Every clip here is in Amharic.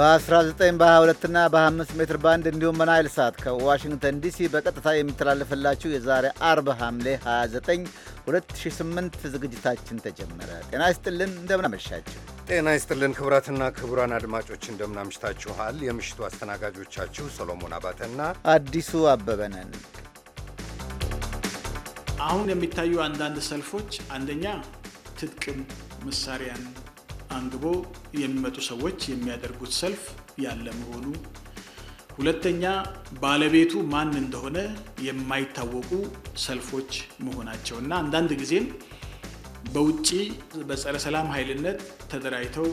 በ19 በ22 እና በ 5 ሜትር ባንድ እንዲሁም በናይል ሳት ከዋሽንግተን ዲሲ በቀጥታ የሚተላለፍላችሁ የዛሬ አርብ ሐምሌ 29 2008 ዝግጅታችን ተጀመረ። ጤና ይስጥልን፣ እንደምናመሻችሁ። ጤና ይስጥልን ክቡራትና ክቡራን አድማጮች እንደምናምሽታችኋል። የምሽቱ አስተናጋጆቻችሁ ሰሎሞን አባተና አዲሱ አበበነን። አሁን የሚታዩ አንዳንድ ሰልፎች አንደኛ ትጥቅም መሳሪያን አንግቦ የሚመጡ ሰዎች የሚያደርጉት ሰልፍ ያለ መሆኑ፣ ሁለተኛ ባለቤቱ ማን እንደሆነ የማይታወቁ ሰልፎች መሆናቸው እና አንዳንድ ጊዜም በውጭ በጸረ ሰላም ኃይልነት ተደራጅተው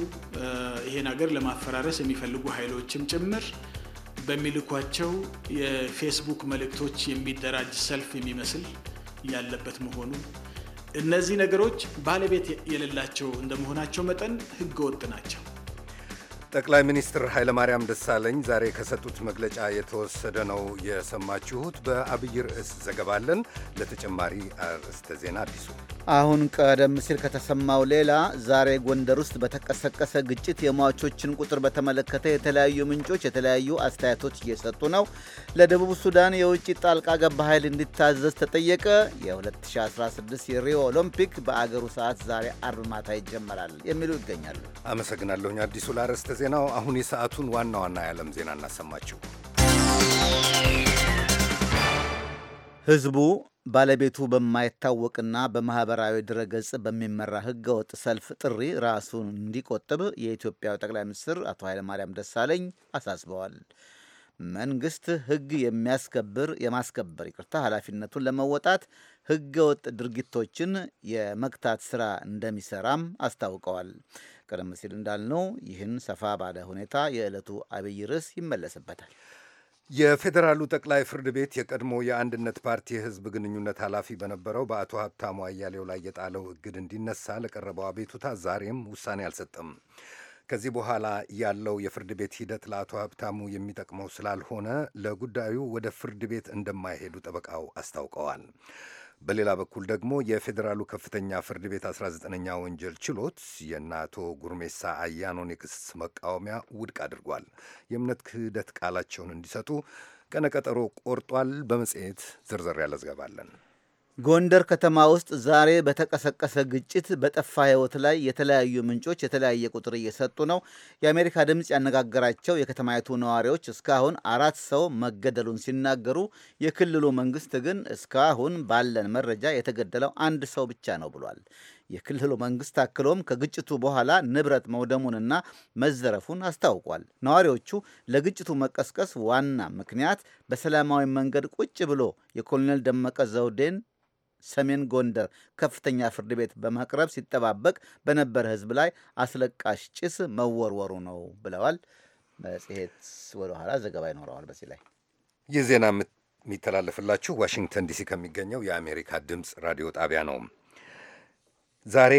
ይሄን ሀገር ለማፈራረስ የሚፈልጉ ኃይሎችም ጭምር በሚልኳቸው የፌስቡክ መልእክቶች የሚደራጅ ሰልፍ የሚመስል ያለበት መሆኑ እነዚህ ነገሮች ባለቤት የሌላቸው እንደመሆናቸው መጠን ህገወጥ ናቸው። ጠቅላይ ሚኒስትር ኃይለማርያም ደሳለኝ ዛሬ ከሰጡት መግለጫ የተወሰደ ነው የሰማችሁት። በአብይ ርዕስ ዘገባለን ለተጨማሪ አርዕስተ ዜና አዲሱ አሁን ቀደም ሲል ከተሰማው ሌላ ዛሬ ጎንደር ውስጥ በተቀሰቀሰ ግጭት የሟቾችን ቁጥር በተመለከተ የተለያዩ ምንጮች የተለያዩ አስተያየቶች እየሰጡ ነው። ለደቡብ ሱዳን የውጭ ጣልቃ ገባ ኃይል እንዲታዘዝ ተጠየቀ። የ2016 የሪዮ ኦሎምፒክ በአገሩ ሰዓት ዛሬ አርብ ማታ ይጀመራል የሚሉ ይገኛሉ። አመሰግናለሁኝ አዲሱ ለአርዕስተ ዜናው። አሁን የሰዓቱን ዋና ዋና የዓለም ዜና እናሰማችሁ። ህዝቡ ባለቤቱ በማይታወቅና በማህበራዊ ድረገጽ በሚመራ ህገወጥ ሰልፍ ጥሪ ራሱን እንዲቆጥብ የኢትዮጵያው ጠቅላይ ሚኒስትር አቶ ኃይለማርያም ደሳለኝ አሳስበዋል። መንግስት ህግ የሚያስከብር የማስከበር ይቅርታ ኃላፊነቱን ለመወጣት ህገወጥ ድርጊቶችን የመግታት ስራ እንደሚሰራም አስታውቀዋል። ቀደም ሲል እንዳልነው ይህን ሰፋ ባለ ሁኔታ የዕለቱ አብይ ርዕስ ይመለስበታል። የፌዴራሉ ጠቅላይ ፍርድ ቤት የቀድሞ የአንድነት ፓርቲ የህዝብ ግንኙነት ኃላፊ በነበረው በአቶ ሀብታሙ አያሌው ላይ የጣለው እግድ እንዲነሳ ለቀረበው አቤቱታ ዛሬም ውሳኔ አልሰጠም። ከዚህ በኋላ ያለው የፍርድ ቤት ሂደት ለአቶ ሀብታሙ የሚጠቅመው ስላልሆነ ለጉዳዩ ወደ ፍርድ ቤት እንደማይሄዱ ጠበቃው አስታውቀዋል። በሌላ በኩል ደግሞ የፌዴራሉ ከፍተኛ ፍርድ ቤት 19ኛ ወንጀል ችሎት የእነ አቶ ጉርሜሳ አያኖን የክስ መቃወሚያ ውድቅ አድርጓል። የእምነት ክህደት ቃላቸውን እንዲሰጡ ቀነቀጠሮ ቆርጧል። በመጽሔት ዝርዝር ያለ ዘገባ አለን። ጎንደር ከተማ ውስጥ ዛሬ በተቀሰቀሰ ግጭት በጠፋ ሕይወት ላይ የተለያዩ ምንጮች የተለያየ ቁጥር እየሰጡ ነው። የአሜሪካ ድምፅ ያነጋገራቸው የከተማይቱ ነዋሪዎች እስካሁን አራት ሰው መገደሉን ሲናገሩ፣ የክልሉ መንግስት ግን እስካሁን ባለን መረጃ የተገደለው አንድ ሰው ብቻ ነው ብሏል። የክልሉ መንግስት አክሎም ከግጭቱ በኋላ ንብረት መውደሙንና መዘረፉን አስታውቋል። ነዋሪዎቹ ለግጭቱ መቀስቀስ ዋና ምክንያት በሰላማዊ መንገድ ቁጭ ብሎ የኮሎኔል ደመቀ ዘውዴን ሰሜን ጎንደር ከፍተኛ ፍርድ ቤት በማቅረብ ሲጠባበቅ በነበረ ሕዝብ ላይ አስለቃሽ ጭስ መወርወሩ ነው ብለዋል። መጽሔት ኋላ ዘገባ ይኖረዋል በዚህ ላይ ይህ ዜና የሚተላለፍላችሁ ዋሽንግተን ዲሲ ከሚገኘው የአሜሪካ ድምፅ ራዲዮ ጣቢያ ነው። ዛሬ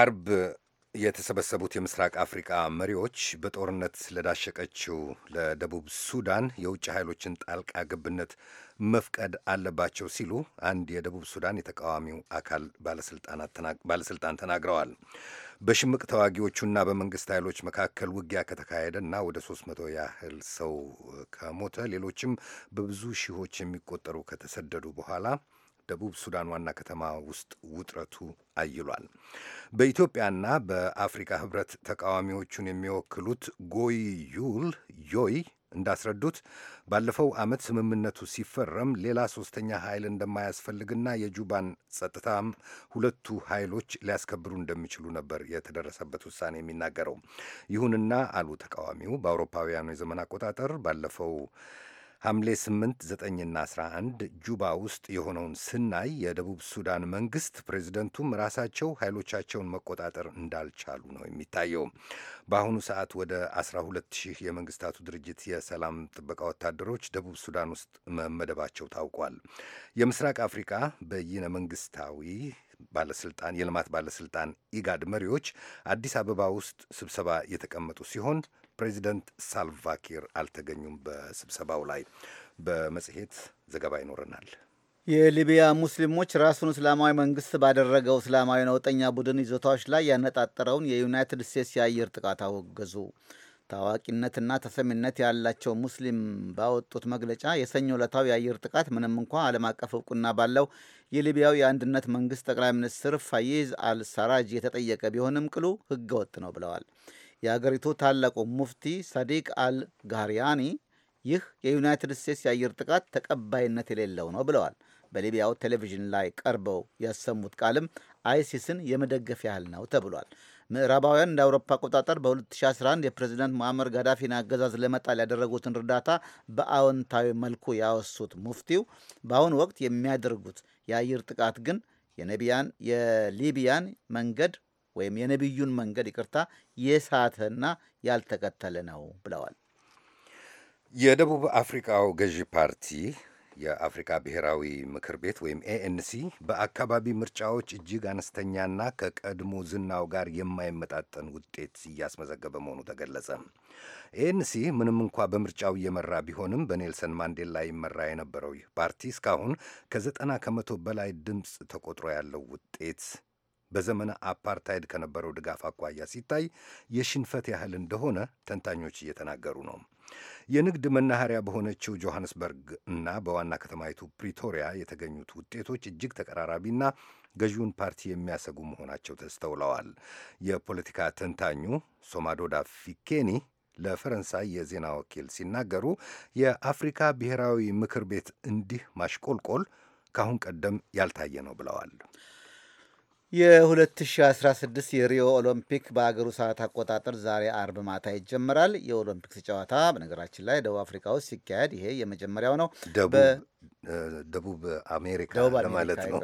አርብ የተሰበሰቡት የምስራቅ አፍሪቃ መሪዎች በጦርነት ለዳሸቀችው ለደቡብ ሱዳን የውጭ ኃይሎችን ጣልቃ ገብነት መፍቀድ አለባቸው ሲሉ አንድ የደቡብ ሱዳን የተቃዋሚው አካል ባለስልጣን ተናግረዋል። በሽምቅ ተዋጊዎቹና በመንግስት ኃይሎች መካከል ውጊያ ከተካሄደና ወደ 300 ያህል ሰው ከሞተ ሌሎችም በብዙ ሺዎች የሚቆጠሩ ከተሰደዱ በኋላ ደቡብ ሱዳን ዋና ከተማ ውስጥ ውጥረቱ አይሏል። በኢትዮጵያና በአፍሪካ ህብረት ተቃዋሚዎቹን የሚወክሉት ጎይ ዩል ዮይ እንዳስረዱት ባለፈው ዓመት ስምምነቱ ሲፈረም ሌላ ሶስተኛ ኃይል እንደማያስፈልግና የጁባን ጸጥታም ሁለቱ ኃይሎች ሊያስከብሩ እንደሚችሉ ነበር የተደረሰበት ውሳኔ የሚናገረው። ይሁንና አሉ ተቃዋሚው በአውሮፓውያኑ የዘመን አቆጣጠር ባለፈው ሐምሌ 8 9ና 11 ጁባ ውስጥ የሆነውን ስናይ የደቡብ ሱዳን መንግስት ፕሬዚደንቱም ራሳቸው ኃይሎቻቸውን መቆጣጠር እንዳልቻሉ ነው የሚታየው። በአሁኑ ሰዓት ወደ 12 ሺህ የመንግስታቱ ድርጅት የሰላም ጥበቃ ወታደሮች ደቡብ ሱዳን ውስጥ መመደባቸው ታውቋል። የምስራቅ አፍሪካ በይነ መንግስታዊ ባለስልጣን የልማት ባለስልጣን ኢጋድ መሪዎች አዲስ አበባ ውስጥ ስብሰባ የተቀመጡ ሲሆን ፕሬዚደንት ሳልቫኪር አልተገኙም በስብሰባው ላይ። በመጽሔት ዘገባ ይኖረናል። የሊቢያ ሙስሊሞች ራሱን እስላማዊ መንግስት ባደረገው እስላማዊ ነውጠኛ ቡድን ይዞታዎች ላይ ያነጣጠረውን የዩናይትድ ስቴትስ የአየር ጥቃት አወገዙ። ታዋቂነትና ተሰሚነት ያላቸው ሙስሊም ባወጡት መግለጫ የሰኞ ዕለታው የአየር ጥቃት ምንም እንኳ ዓለም አቀፍ እውቅና ባለው የሊቢያው የአንድነት መንግስት ጠቅላይ ሚኒስትር ፋይዝ አልሳራጅ የተጠየቀ ቢሆንም ቅሉ ህገወጥ ነው ብለዋል። የአገሪቱ ታላቁ ሙፍቲ ሳዲቅ አል ጋሪያኒ ይህ የዩናይትድ ስቴትስ የአየር ጥቃት ተቀባይነት የሌለው ነው ብለዋል። በሊቢያው ቴሌቪዥን ላይ ቀርበው ያሰሙት ቃልም አይሲስን የመደገፍ ያህል ነው ተብሏል። ምዕራባውያን እንደ አውሮፓ አቆጣጠር በ2011 የፕሬዚዳንት ሙአመር ጋዳፊን አገዛዝ ለመጣል ያደረጉትን እርዳታ በአዎንታዊ መልኩ ያወሱት ሙፍቲው በአሁኑ ወቅት የሚያደርጉት የአየር ጥቃት ግን የነቢያን የሊቢያን መንገድ ወይም የነቢዩን መንገድ ይቅርታ የሳተና ያልተከተለ ነው ብለዋል። የደቡብ አፍሪካው ገዢ ፓርቲ የአፍሪካ ብሔራዊ ምክር ቤት ወይም ኤኤንሲ በአካባቢ ምርጫዎች እጅግ አነስተኛና ከቀድሞ ዝናው ጋር የማይመጣጠን ውጤት እያስመዘገበ መሆኑ ተገለጸ። ኤኤንሲ ምንም እንኳ በምርጫው እየመራ ቢሆንም በኔልሰን ማንዴላ ይመራ የነበረው ፓርቲ እስካሁን ከዘጠና ከመቶ በላይ ድምፅ ተቆጥሮ ያለው ውጤት በዘመነ አፓርታይድ ከነበረው ድጋፍ አኳያ ሲታይ የሽንፈት ያህል እንደሆነ ተንታኞች እየተናገሩ ነው። የንግድ መናኸሪያ በሆነችው ጆሐንስበርግ እና በዋና ከተማይቱ ፕሪቶሪያ የተገኙት ውጤቶች እጅግ ተቀራራቢና ገዢውን ፓርቲ የሚያሰጉ መሆናቸው ተስተውለዋል። የፖለቲካ ተንታኙ ሶማዶዳ ፊኬኒ ለፈረንሳይ የዜና ወኪል ሲናገሩ የአፍሪካ ብሔራዊ ምክር ቤት እንዲህ ማሽቆልቆል ከአሁን ቀደም ያልታየ ነው ብለዋል። የ2016 የሪዮ ኦሎምፒክ በአገሩ ሰዓት አቆጣጠር ዛሬ አርብ ማታ ይጀመራል። የኦሎምፒክስ ጨዋታ በነገራችን ላይ ደቡብ አፍሪካ ውስጥ ሲካሄድ ይሄ የመጀመሪያው ነው። ደቡብ አሜሪካ ለማለት ነው።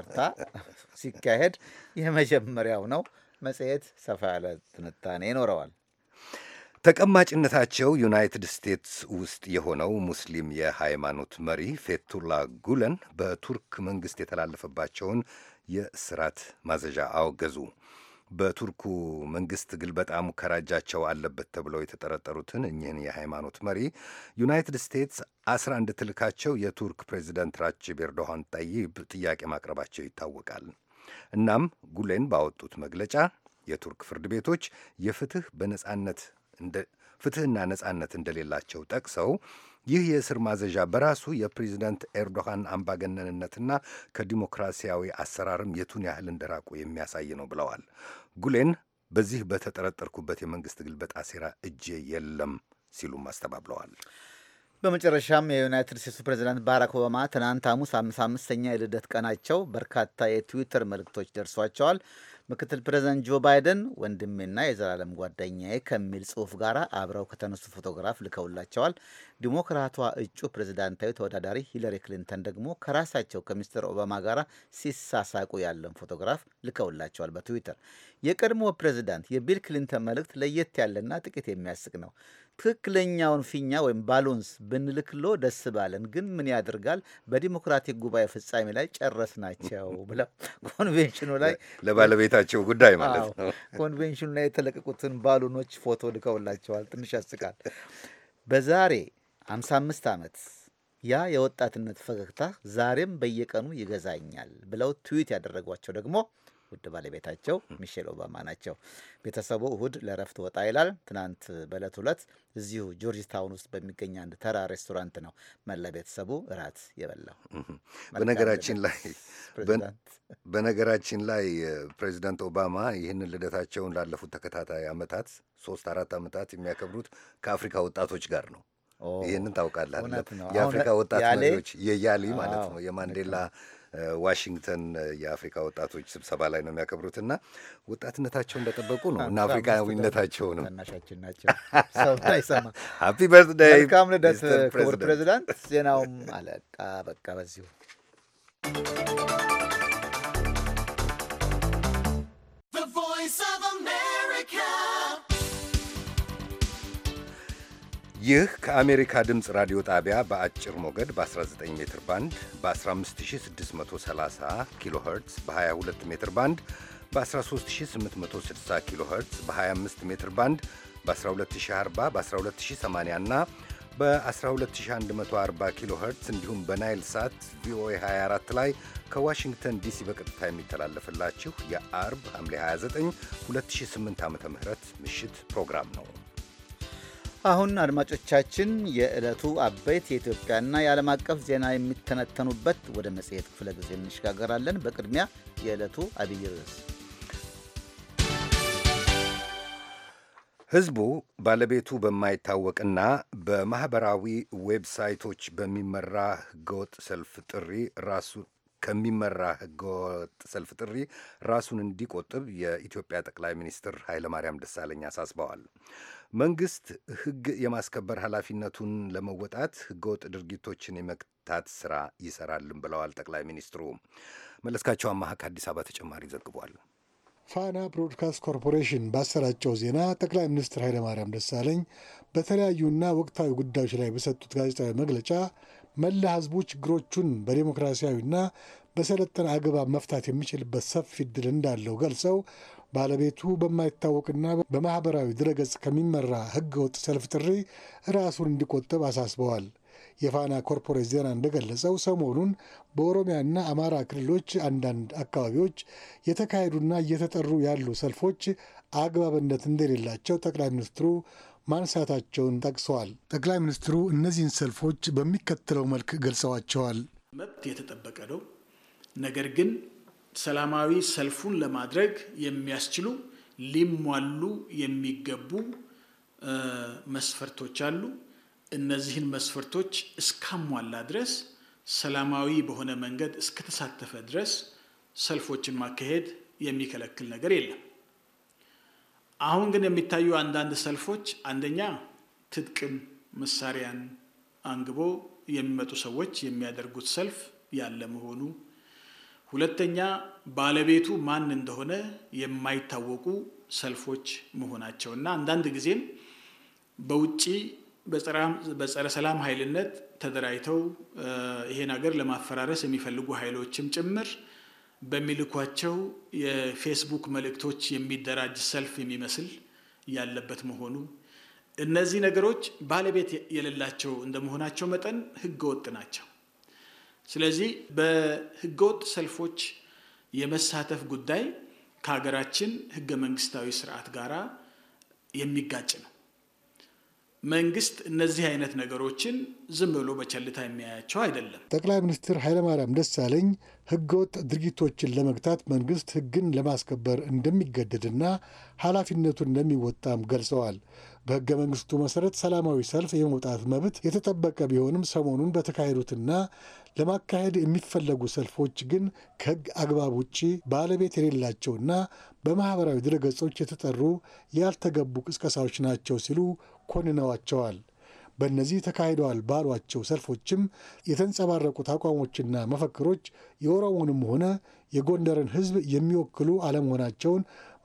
ሲካሄድ የመጀመሪያው ነው። መጽሔት ሰፋ ያለ ትንታኔ ይኖረዋል። ተቀማጭነታቸው ዩናይትድ ስቴትስ ውስጥ የሆነው ሙስሊም የሃይማኖት መሪ ፌቱላ ጉለን በቱርክ መንግሥት የተላለፈባቸውን የእስራት ማዘዣ አወገዙ። በቱርኩ መንግስት ግልበጣ ሙከራ እጃቸው አለበት ተብለው የተጠረጠሩትን እኚህን የሃይማኖት መሪ ዩናይትድ ስቴትስ አስራ እንድትልካቸው የቱርክ ፕሬዚደንት ራጅብ ኤርዶሃን ጠይብ ጥያቄ ማቅረባቸው ይታወቃል። እናም ጉሌን ባወጡት መግለጫ የቱርክ ፍርድ ቤቶች የፍትህ በነጻነት ፍትህና ነጻነት እንደሌላቸው ጠቅሰው ይህ የእስር ማዘዣ በራሱ የፕሬዚደንት ኤርዶሃን አምባገነንነትና ከዲሞክራሲያዊ አሰራርም የቱን ያህል እንደራቁ የሚያሳይ ነው ብለዋል። ጉሌን በዚህ በተጠረጠርኩበት የመንግስት ግልበጣ ሴራ እጄ የለም ሲሉም አስተባብለዋል። በመጨረሻም የዩናይትድ ስቴትሱ ፕሬዚዳንት ባራክ ኦባማ ትናንት ሐሙስ ሃምሳ አምስተኛ የልደት ቀናቸው በርካታ የትዊተር መልእክቶች ደርሷቸዋል። ምክትል ፕሬዚደንት ጆ ባይደን ወንድሜና የዘላለም ጓደኛዬ ከሚል ጽሑፍ ጋር አብረው ከተነሱ ፎቶግራፍ ልከውላቸዋል። ዲሞክራቷ እጩ ፕሬዚዳንታዊ ተወዳዳሪ ሂለሪ ክሊንተን ደግሞ ከራሳቸው ከሚስተር ኦባማ ጋር ሲሳሳቁ ያለን ፎቶግራፍ ልከውላቸዋል በትዊተር። የቀድሞ ፕሬዚዳንት የቢል ክሊንተን መልእክት ለየት ያለና ጥቂት የሚያስቅ ነው። ትክክለኛውን ፊኛ ወይም ባሉንስ ብንልክሎ ደስ ባለን፣ ግን ምን ያደርጋል በዲሞክራቲክ ጉባኤ ፍጻሜ ላይ ጨረስ ናቸው ብለው ኮንቬንሽኑ ላይ ለባለቤታቸው ጉዳይ ማለት ነው። ኮንቬንሽኑ ላይ የተለቀቁትን ባሉኖች ፎቶ ልከውላቸዋል። ትንሽ ያስቃል። በዛሬ 55 ዓመት ያ የወጣትነት ፈገግታ ዛሬም በየቀኑ ይገዛኛል ብለው ትዊት ያደረጓቸው ደግሞ ውድ ባለቤታቸው ሚሼል ኦባማ ናቸው። ቤተሰቡ እሁድ ለረፍት ወጣ ይላል። ትናንት በዕለት ሁለት እዚሁ ጆርጅ ታውን ውስጥ በሚገኝ አንድ ተራ ሬስቶራንት ነው መላ ቤተሰቡ እራት የበላው። በነገራችን ላይ በነገራችን ላይ ፕሬዚዳንት ኦባማ ይህንን ልደታቸውን ላለፉት ተከታታይ ዓመታት ሶስት አራት ዓመታት የሚያከብሩት ከአፍሪካ ወጣቶች ጋር ነው። ይህንን ታውቃለህ? የአፍሪካ ወጣት መሪዎች የያሌ ማለት ነው የማንዴላ ዋሽንግተን የአፍሪካ ወጣቶች ስብሰባ ላይ ነው የሚያከብሩትና ወጣትነታቸው እንደጠበቁ ነው እና አፍሪካዊነታቸው ነው። ታናሻችን ናቸው። ሀፒ በርትደይ መልካም ልደት ክቡር ፕሬዚዳንት። ዜናውም አለቃ። በቃ በዚሁ Thank you. ይህ ከአሜሪካ ድምፅ ራዲዮ ጣቢያ በአጭር ሞገድ በ19 ሜትር ባንድ በ15630 ኪሎ ኸርትዝ በ22 ሜትር ባንድ በ13860 ኪሎ ኸርትዝ በ25 ሜትር ባንድ በ12040 በ12080 እና በ12140 ኪሎ ኸርትዝ እንዲሁም በናይል ሳት ቪኦኤ 24 ላይ ከዋሽንግተን ዲሲ በቀጥታ የሚተላለፍላችሁ የአርብ ሐምሌ 29 2008 ዓ ም ምሽት ፕሮግራም ነው። አሁን አድማጮቻችን የዕለቱ አበይት የኢትዮጵያና የዓለም አቀፍ ዜና የሚተነተኑበት ወደ መጽሔት ክፍለ ጊዜ እንሸጋገራለን። በቅድሚያ የዕለቱ አብይ ርዕስ ሕዝቡ ባለቤቱ በማይታወቅና በማኅበራዊ ዌብሳይቶች በሚመራ ህገወጥ ሰልፍ ጥሪ ራሱ ከሚመራ ህገወጥ ሰልፍ ጥሪ ራሱን እንዲቆጥብ የኢትዮጵያ ጠቅላይ ሚኒስትር ኃይለማርያም ደሳለኝ አሳስበዋል። መንግስት ህግ የማስከበር ኃላፊነቱን ለመወጣት ህገወጥ ድርጊቶችን የመግታት ስራ ይሰራልን ብለዋል ጠቅላይ ሚኒስትሩ። መለስካቸው አማሃ ከአዲስ አበባ ተጨማሪ ዘግቧል። ፋና ብሮድካስት ኮርፖሬሽን ባሰራጨው ዜና ጠቅላይ ሚኒስትር ኃይለማርያም ደሳለኝ በተለያዩና ወቅታዊ ጉዳዮች ላይ በሰጡት ጋዜጣዊ መግለጫ መላ ህዝቡ ችግሮቹን በዴሞክራሲያዊና በሰለጠነ አግባብ መፍታት የሚችልበት ሰፊ እድል እንዳለው ገልጸው ባለቤቱ በማይታወቅና በማኅበራዊ ድረገጽ ከሚመራ ሕገወጥ ሰልፍ ጥሪ ራሱን እንዲቆጠብ አሳስበዋል። የፋና ኮርፖሬት ዜና እንደገለጸው ሰሞኑን በኦሮሚያና አማራ ክልሎች አንዳንድ አካባቢዎች የተካሄዱና እየተጠሩ ያሉ ሰልፎች አግባብነት እንደሌላቸው ጠቅላይ ሚኒስትሩ ማንሳታቸውን ጠቅሰዋል። ጠቅላይ ሚኒስትሩ እነዚህን ሰልፎች በሚከተለው መልክ ገልጸዋቸዋል። መብት የተጠበቀ ነው። ነገር ግን ሰላማዊ ሰልፉን ለማድረግ የሚያስችሉ ሊሟሉ የሚገቡ መስፈርቶች አሉ። እነዚህን መስፈርቶች እስካሟላ ድረስ ሰላማዊ በሆነ መንገድ እስከተሳተፈ ድረስ ሰልፎችን ማካሄድ የሚከለክል ነገር የለም። አሁን ግን የሚታዩ አንዳንድ ሰልፎች አንደኛ ትጥቅም መሳሪያን አንግቦ የሚመጡ ሰዎች የሚያደርጉት ሰልፍ ያለ መሆኑ ሁለተኛ ባለቤቱ ማን እንደሆነ የማይታወቁ ሰልፎች መሆናቸው እና አንዳንድ ጊዜም በውጭ በጸረ ሰላም ኃይልነት ተደራጅተው ይሄን ሀገር ለማፈራረስ የሚፈልጉ ኃይሎችም ጭምር በሚልኳቸው የፌስቡክ መልእክቶች የሚደራጅ ሰልፍ የሚመስል ያለበት መሆኑ እነዚህ ነገሮች ባለቤት የሌላቸው እንደመሆናቸው መጠን ህገወጥ ወጥ ናቸው። ስለዚህ በህገወጥ ሰልፎች የመሳተፍ ጉዳይ ከሀገራችን ህገ መንግስታዊ ስርዓት ጋር የሚጋጭ ነው። መንግስት እነዚህ አይነት ነገሮችን ዝም ብሎ በቸልታ የሚያያቸው አይደለም። ጠቅላይ ሚኒስትር ኃይለማርያም ደሳለኝ ህገወጥ ድርጊቶችን ለመግታት መንግስት ህግን ለማስከበር እንደሚገደድና ኃላፊነቱን እንደሚወጣም ገልጸዋል። በህገ መንግስቱ መሰረት ሰላማዊ ሰልፍ የመውጣት መብት የተጠበቀ ቢሆንም ሰሞኑን በተካሄዱትና ለማካሄድ የሚፈለጉ ሰልፎች ግን ከህግ አግባብ ውጭ ባለቤት የሌላቸውና በማኅበራዊ ድረገጾች የተጠሩ ያልተገቡ ቅስቀሳዎች ናቸው ሲሉ ኮንነዋቸዋል። በእነዚህ ተካሂደዋል ባሏቸው ሰልፎችም የተንጸባረቁት አቋሞችና መፈክሮች የኦሮሞንም ሆነ የጎንደርን ሕዝብ የሚወክሉ አለመሆናቸውን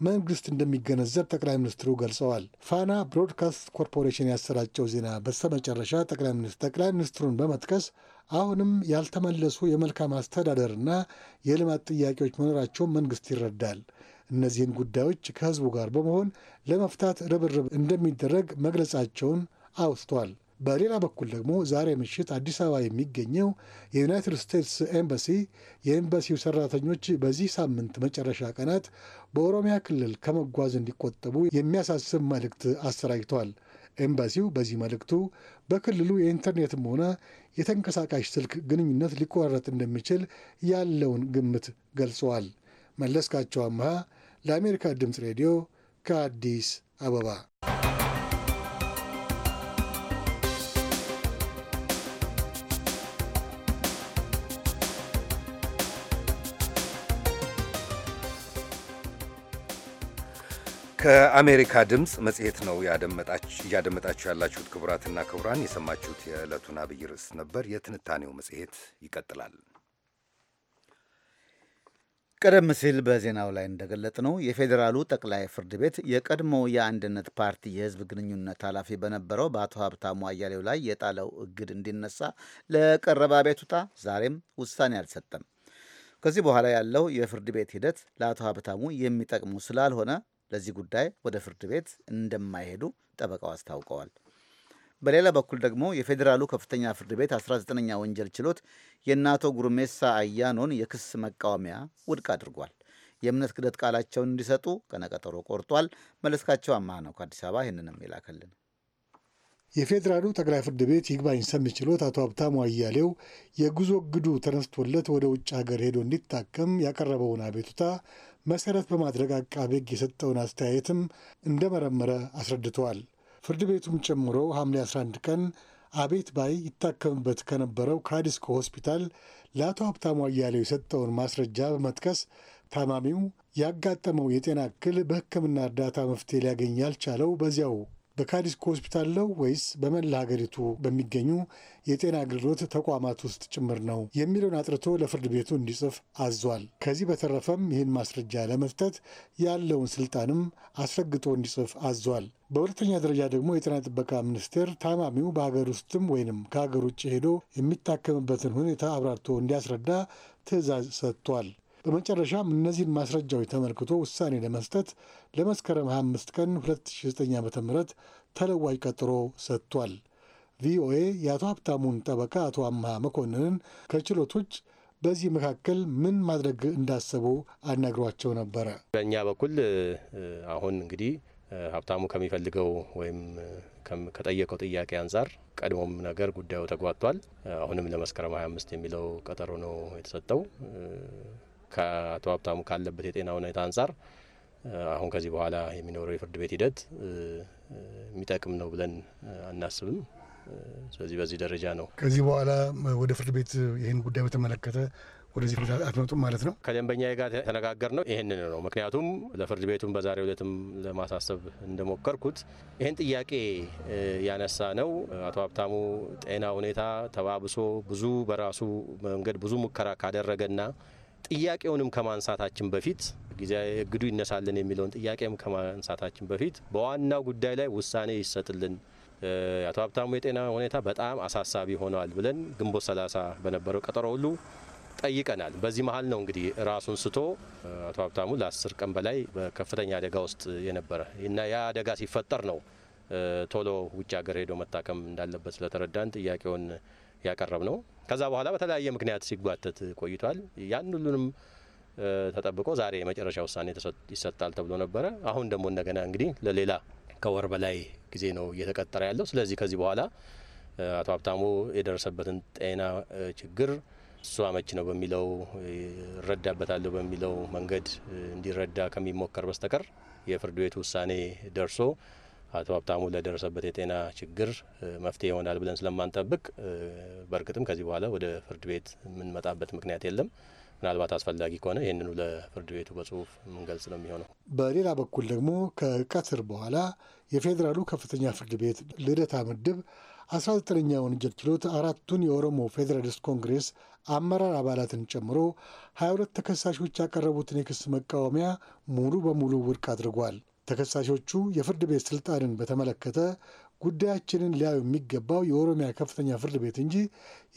መንግስት እንደሚገነዘብ ጠቅላይ ሚኒስትሩ ገልጸዋል። ፋና ብሮድካስት ኮርፖሬሽን ያሰራጨው ዜና በስተመጨረሻ ጠቅላይ ሚኒስትሩን በመጥቀስ አሁንም ያልተመለሱ የመልካም አስተዳደርና የልማት ጥያቄዎች መኖራቸውን መንግስት ይረዳል። እነዚህን ጉዳዮች ከህዝቡ ጋር በመሆን ለመፍታት ርብርብ እንደሚደረግ መግለጻቸውን አውስቷል። በሌላ በኩል ደግሞ ዛሬ ምሽት አዲስ አበባ የሚገኘው የዩናይትድ ስቴትስ ኤምባሲ የኤምባሲው ሰራተኞች በዚህ ሳምንት መጨረሻ ቀናት በኦሮሚያ ክልል ከመጓዝ እንዲቆጠቡ የሚያሳስብ መልእክት አሰራጅቷል። ኤምባሲው በዚህ መልእክቱ በክልሉ የኢንተርኔትም ሆነ የተንቀሳቃሽ ስልክ ግንኙነት ሊቋረጥ እንደሚችል ያለውን ግምት ገልጸዋል። መለስካቸው አምሃ ለአሜሪካ ድምፅ ሬዲዮ ከአዲስ አበባ ከአሜሪካ ድምፅ መጽሔት ነው እያደመጣችሁ ያላችሁት። ክቡራትና ክቡራን የሰማችሁት የዕለቱን አብይ ርዕስ ነበር። የትንታኔው መጽሔት ይቀጥላል። ቀደም ሲል በዜናው ላይ እንደገለጥ ነው የፌዴራሉ ጠቅላይ ፍርድ ቤት የቀድሞ የአንድነት ፓርቲ የህዝብ ግንኙነት ኃላፊ በነበረው በአቶ ሀብታሙ አያሌው ላይ የጣለው እግድ እንዲነሳ ለቀረበ አቤቱታ ዛሬም ውሳኔ አልሰጠም። ከዚህ በኋላ ያለው የፍርድ ቤት ሂደት ለአቶ ሀብታሙ የሚጠቅሙ ስላልሆነ ለዚህ ጉዳይ ወደ ፍርድ ቤት እንደማይሄዱ ጠበቃው አስታውቀዋል። በሌላ በኩል ደግሞ የፌዴራሉ ከፍተኛ ፍርድ ቤት 19ኛ ወንጀል ችሎት የእነ አቶ ጉርሜሳ አያኖን የክስ መቃወሚያ ውድቅ አድርጓል። የእምነት ክደት ቃላቸውን እንዲሰጡ ቀነቀጠሮ ቆርጧል። መለስካቸው አማህ ነው ከአዲስ አበባ ይህንንም ይላከልን። የፌዴራሉ ጠቅላይ ፍርድ ቤት ይግባኝ ሰሚ ችሎት አቶ ሀብታሙ አያሌው የጉዞ እግዱ ተነስቶለት ወደ ውጭ ሀገር ሄዶ እንዲታከም ያቀረበውን አቤቱታ መሰረት በማድረግ አቃቤ ሕግ የሰጠውን አስተያየትም እንደመረመረ አስረድተዋል። ፍርድ ቤቱም ጨምሮ ሐምሌ 11 ቀን አቤት ባይ ይታከምበት ከነበረው ከአዲስኮ ሆስፒታል ለአቶ ሀብታሙ አያሌው የሰጠውን ማስረጃ በመጥቀስ ታማሚው ያጋጠመው የጤና እክል በሕክምና እርዳታ መፍትሄ ሊያገኝ ያልቻለው በዚያው በካዲስኮ ሆስፒታል ነው ወይስ በመላ ሀገሪቱ በሚገኙ የጤና አገልግሎት ተቋማት ውስጥ ጭምር ነው የሚለውን አጥርቶ ለፍርድ ቤቱ እንዲጽፍ አዟል። ከዚህ በተረፈም ይህን ማስረጃ ለመፍጠት ያለውን ስልጣንም አስረግጦ እንዲጽፍ አዟል። በሁለተኛ ደረጃ ደግሞ የጤና ጥበቃ ሚኒስቴር ታማሚው በሀገር ውስጥም ወይንም ከሀገር ውጭ ሄዶ የሚታከምበትን ሁኔታ አብራርቶ እንዲያስረዳ ትዕዛዝ ሰጥቷል። በመጨረሻም እነዚህን ማስረጃዎች ተመልክቶ ውሳኔ ለመስጠት ለመስከረም 25 ቀን 2009 ዓ ም ተለዋጅ ቀጠሮ ሰጥቷል። ቪኦኤ የአቶ ሀብታሙን ጠበቃ አቶ አምሃ መኮንንን ከችሎቶች በዚህ መካከል ምን ማድረግ እንዳሰቡ አናግሯቸው ነበረ። በእኛ በኩል አሁን እንግዲህ ሀብታሙ ከሚፈልገው ወይም ከጠየቀው ጥያቄ አንጻር ቀድሞም ነገር ጉዳዩ ተጓቷል። አሁንም ለመስከረም 25 የሚለው ቀጠሮ ነው የተሰጠው። ከአቶ ሀብታሙ ካለበት የጤና ሁኔታ አንጻር አሁን ከዚህ በኋላ የሚኖረው የፍርድ ቤት ሂደት የሚጠቅም ነው ብለን አናስብም። ስለዚህ በዚህ ደረጃ ነው። ከዚህ በኋላ ወደ ፍርድ ቤት ይህን ጉዳይ በተመለከተ ወደዚህ ፍርድ አትመጡም ማለት ነው። ከደንበኛ ጋር ተነጋገር ነው ይህንን ነው። ምክንያቱም ለፍርድ ቤቱም በዛሬ ዕለትም ለማሳሰብ እንደሞከርኩት ይህን ጥያቄ ያነሳ ነው አቶ ሀብታሙ ጤና ሁኔታ ተባብሶ ብዙ በራሱ መንገድ ብዙ ሙከራ ካደረገና ጥያቄውንም ከማንሳታችን በፊት ጊዜያዊ እግዱ ይነሳልን የሚለውን ጥያቄም ከማንሳታችን በፊት በዋናው ጉዳይ ላይ ውሳኔ ይሰጥልን። የአቶ ሀብታሙ የጤና ሁኔታ በጣም አሳሳቢ ሆኗል ብለን ግንቦት 30 በነበረው ቀጠሮ ሁሉ ጠይቀናል። በዚህ መሀል ነው እንግዲህ ራሱን ስቶ አቶ ሀብታሙ ለአስር ቀን በላይ በከፍተኛ አደጋ ውስጥ የነበረ እና ያ አደጋ ሲፈጠር ነው ቶሎ ውጭ ሀገር ሄዶ መታከም እንዳለበት ስለተረዳን ጥያቄውን ያቀረብ ነው። ከዛ በኋላ በተለያየ ምክንያት ሲጓተት ቆይቷል። ያን ሁሉንም ተጠብቆ ዛሬ የመጨረሻ ውሳኔ ይሰጣል ተብሎ ነበረ። አሁን ደግሞ እንደገና እንግዲህ ለሌላ ከወር በላይ ጊዜ ነው እየተቀጠረ ያለው። ስለዚህ ከዚህ በኋላ አቶ ሀብታሙ የደረሰበትን ጤና ችግር እሱ አመች ነው በሚለው እረዳበታለሁ በሚለው መንገድ እንዲረዳ ከሚሞከር በስተቀር የፍርድ ቤት ውሳኔ ደርሶ አቶ ሀብታሙ ለደረሰበት የጤና ችግር መፍትሄ ይሆናል ብለን ስለማንጠብቅ በእርግጥም ከዚህ በኋላ ወደ ፍርድ ቤት የምንመጣበት ምክንያት የለም። ምናልባት አስፈላጊ ከሆነ ይህንኑ ለፍርድ ቤቱ በጽሁፍ የምንገልጽ ነው የሚሆነው። በሌላ በኩል ደግሞ ከቀትር በኋላ የፌዴራሉ ከፍተኛ ፍርድ ቤት ልደታ ምድብ አስራ ዘጠነኛ ወንጀል ችሎት አራቱን የኦሮሞ ፌዴራሊስት ኮንግሬስ አመራር አባላትን ጨምሮ ሀያ ሁለት ተከሳሾች ያቀረቡትን የክስ መቃወሚያ ሙሉ በሙሉ ውድቅ አድርጓል። ተከሳሾቹ የፍርድ ቤት ስልጣንን በተመለከተ ጉዳያችንን ሊያዩ የሚገባው የኦሮሚያ ከፍተኛ ፍርድ ቤት እንጂ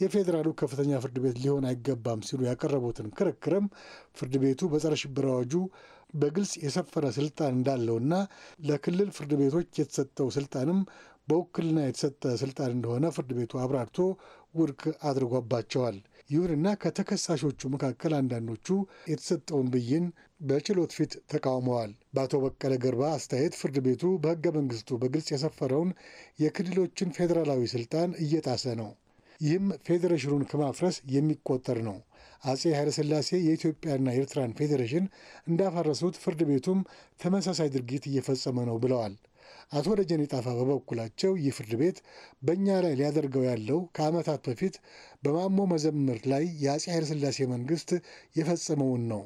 የፌዴራሉ ከፍተኛ ፍርድ ቤት ሊሆን አይገባም ሲሉ ያቀረቡትን ክርክርም ፍርድ ቤቱ በጸረ ሽብር አዋጁ በግልጽ የሰፈረ ስልጣን እንዳለውና ለክልል ፍርድ ቤቶች የተሰጠው ስልጣንም በውክልና የተሰጠ ስልጣን እንደሆነ ፍርድ ቤቱ አብራርቶ ውድቅ አድርጓባቸዋል። ይሁንና ከተከሳሾቹ መካከል አንዳንዶቹ የተሰጠውን ብይን በችሎት ፊት ተቃውመዋል። በአቶ በቀለ ገርባ አስተያየት ፍርድ ቤቱ በሕገ መንግስቱ በግልጽ የሰፈረውን የክልሎችን ፌዴራላዊ ስልጣን እየጣሰ ነው። ይህም ፌዴሬሽኑን ከማፍረስ የሚቆጠር ነው። አጼ ኃይለሥላሴ የኢትዮጵያና የኤርትራን ፌዴሬሽን እንዳፈረሱት ፍርድ ቤቱም ተመሳሳይ ድርጊት እየፈጸመ ነው ብለዋል። አቶ ደጀኔ ጣፋ በበኩላቸው ይህ ፍርድ ቤት በእኛ ላይ ሊያደርገው ያለው ከዓመታት በፊት በማሞ መዘምር ላይ የአጼ ኃይለሥላሴ መንግስት የፈጸመውን ነው።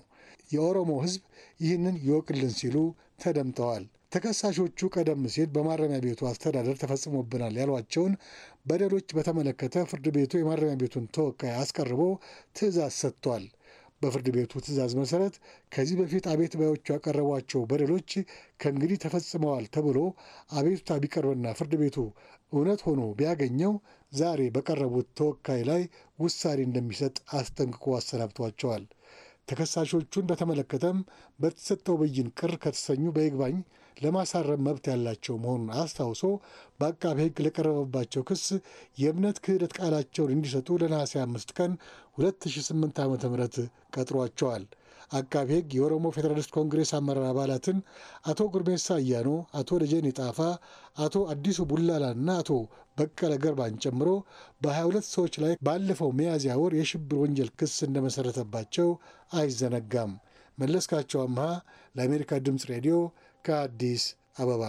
የኦሮሞ ሕዝብ ይህንን ይወቅልን ሲሉ ተደምጠዋል። ተከሳሾቹ ቀደም ሲል በማረሚያ ቤቱ አስተዳደር ተፈጽሞብናል ያሏቸውን በደሎች በተመለከተ ፍርድ ቤቱ የማረሚያ ቤቱን ተወካይ አስቀርቦ ትዕዛዝ ሰጥቷል። በፍርድ ቤቱ ትዕዛዝ መሰረት ከዚህ በፊት አቤት ባዮቹ ያቀረቧቸው በደሎች ከእንግዲህ ተፈጽመዋል ተብሎ አቤቱታ ቢቀርብና ፍርድ ቤቱ እውነት ሆኖ ቢያገኘው ዛሬ በቀረቡት ተወካይ ላይ ውሳኔ እንደሚሰጥ አስጠንቅቆ አሰናብቷቸዋል። ተከሳሾቹን በተመለከተም በተሰጠው ብይን ቅር ከተሰኙ በይግባኝ ለማሳረም መብት ያላቸው መሆኑን አስታውሶ በአቃቤ ሕግ ለቀረበባቸው ክስ የእምነት ክህደት ቃላቸውን እንዲሰጡ ለነሐሴ አምስት ቀን 2008 ዓ ም ቀጥሯቸዋል። አቃቤ ሕግ የኦሮሞ ፌዴራሊስት ኮንግሬስ አመራር አባላትን አቶ ጉርሜሳ አያኖ፣ አቶ ደጀኔ ጣፋ፣ አቶ አዲሱ ቡላላና አቶ በቀለ ገርባን ጨምሮ በ22 ሰዎች ላይ ባለፈው ሚያዝያ ወር የሽብር ወንጀል ክስ እንደመሰረተባቸው አይዘነጋም። መለስካቸው አምሃ ለአሜሪካ ድምፅ ሬዲዮ ከአዲስ አበባ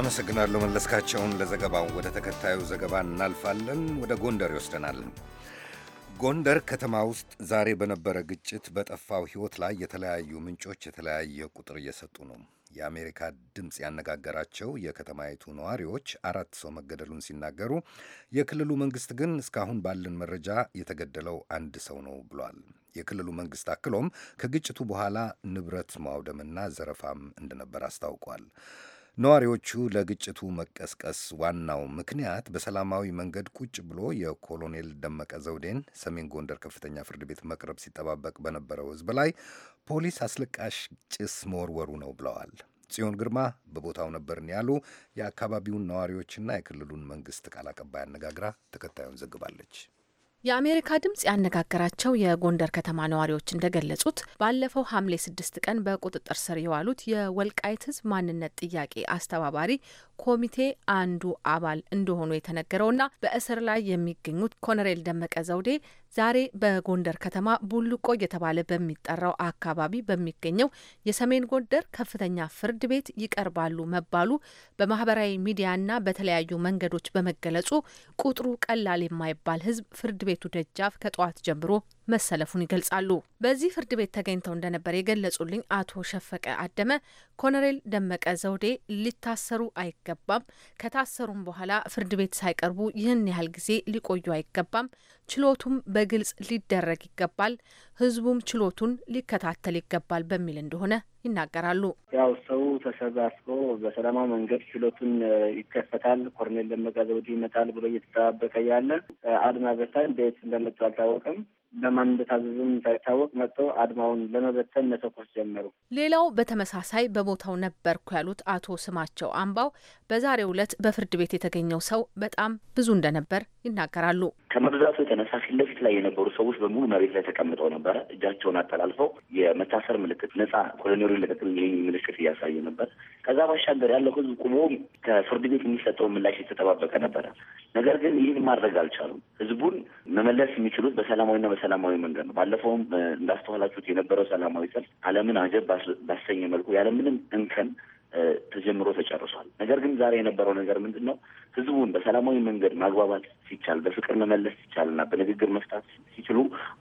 አመሰግናለሁ መለስካቸውን ለዘገባው። ወደ ተከታዩ ዘገባ እናልፋለን። ወደ ጎንደር ይወስደናል። ጎንደር ከተማ ውስጥ ዛሬ በነበረ ግጭት በጠፋው ሕይወት ላይ የተለያዩ ምንጮች የተለያየ ቁጥር እየሰጡ ነው። የአሜሪካ ድምፅ ያነጋገራቸው የከተማይቱ ነዋሪዎች አራት ሰው መገደሉን ሲናገሩ የክልሉ መንግስት ግን እስካሁን ባለን መረጃ የተገደለው አንድ ሰው ነው ብሏል። የክልሉ መንግስት አክሎም ከግጭቱ በኋላ ንብረት ማውደምና ዘረፋም እንደነበር አስታውቋል። ነዋሪዎቹ ለግጭቱ መቀስቀስ ዋናው ምክንያት በሰላማዊ መንገድ ቁጭ ብሎ የኮሎኔል ደመቀ ዘውዴን ሰሜን ጎንደር ከፍተኛ ፍርድ ቤት መቅረብ ሲጠባበቅ በነበረው ሕዝብ ላይ ፖሊስ አስለቃሽ ጭስ መወርወሩ ነው ብለዋል። ጽዮን ግርማ በቦታው ነበርን ያሉ የአካባቢውን ነዋሪዎችና የክልሉን መንግስት ቃል አቀባይ አነጋግራ ተከታዩን ዘግባለች። የአሜሪካ ድምጽ ያነጋገራቸው የጎንደር ከተማ ነዋሪዎች እንደገለጹት ባለፈው ሐምሌ ስድስት ቀን በቁጥጥር ስር የዋሉት የወልቃይት ህዝብ ማንነት ጥያቄ አስተባባሪ ኮሚቴ አንዱ አባል እንደሆኑ የተነገረውና በእስር ላይ የሚገኙት ኮሎኔል ደመቀ ዘውዴ ዛሬ በጎንደር ከተማ ቡልቆ እየተባለ በሚጠራው አካባቢ በሚገኘው የሰሜን ጎንደር ከፍተኛ ፍርድ ቤት ይቀርባሉ መባሉ በማህበራዊ ሚዲያና በተለያዩ መንገዶች በመገለጹ ቁጥሩ ቀላል የማይባል ሕዝብ ፍርድ ቤቱ ደጃፍ ከጠዋት ጀምሮ መሰለፉን ይገልጻሉ። በዚህ ፍርድ ቤት ተገኝተው እንደነበር የገለጹልኝ አቶ ሸፈቀ አደመ ኮሎኔል ደመቀ ዘውዴ ሊታሰሩ አይገባም፣ ከታሰሩም በኋላ ፍርድ ቤት ሳይቀርቡ ይህን ያህል ጊዜ ሊቆዩ አይገባም፣ ችሎቱም በግልጽ ሊደረግ ይገባል፣ ህዝቡም ችሎቱን ሊከታተል ይገባል በሚል እንደሆነ ይናገራሉ። ያው ሰው ተሰባስቦ በሰላማዊ መንገድ ችሎቱን ይከፈታል። ኮርኔል ደመቀ ዘውዱ ይመጣል ብሎ እየተጠባበቀ ያለ አድማ በታኝ ቤት እንደመጡ አልታወቀም። በማን እንደታዘዙም ሳይታወቅ መጥቶ አድማውን ለመበተን መተኮስ ጀመሩ። ሌላው በተመሳሳይ በቦታው ነበርኩ ያሉት አቶ ስማቸው አምባው በዛሬው ዕለት በፍርድ ቤት የተገኘው ሰው በጣም ብዙ እንደነበር ይናገራሉ። ከመብዛቱ የተነሳ ፊት ለፊት ላይ የነበሩ ሰዎች በሙሉ መሬት ላይ ተቀምጠው ነበረ። እጃቸውን አጠላልፈው የመታሰር ምልክት ነጻ ኮሎኔሉ ለክትል ለክትል ይህን ምልክት እያሳየ ነበር። ከዛ ባሻገር ያለው ህዝብ ቁሞ ከፍርድ ቤት የሚሰጠውን ምላሽ የተጠባበቀ ነበረ። ነገር ግን ይህን ማድረግ አልቻሉም። ህዝቡን መመለስ የሚችሉት በሰላማዊና በሰላማዊ መንገድ ነው። ባለፈውም እንዳስተዋላችሁት የነበረው ሰላማዊ ሰልፍ ዓለምን አጀብ ባሰኘ መልኩ ያለምንም እንከን ተጀምሮ ተጨርሷል። ነገር ግን ዛሬ የነበረው ነገር ምንድን ነው? ህዝቡን በሰላማዊ መንገድ ማግባባት ሲቻል፣ በፍቅር መመለስ ሲቻል እና በንግግር መፍታት ሲችሉ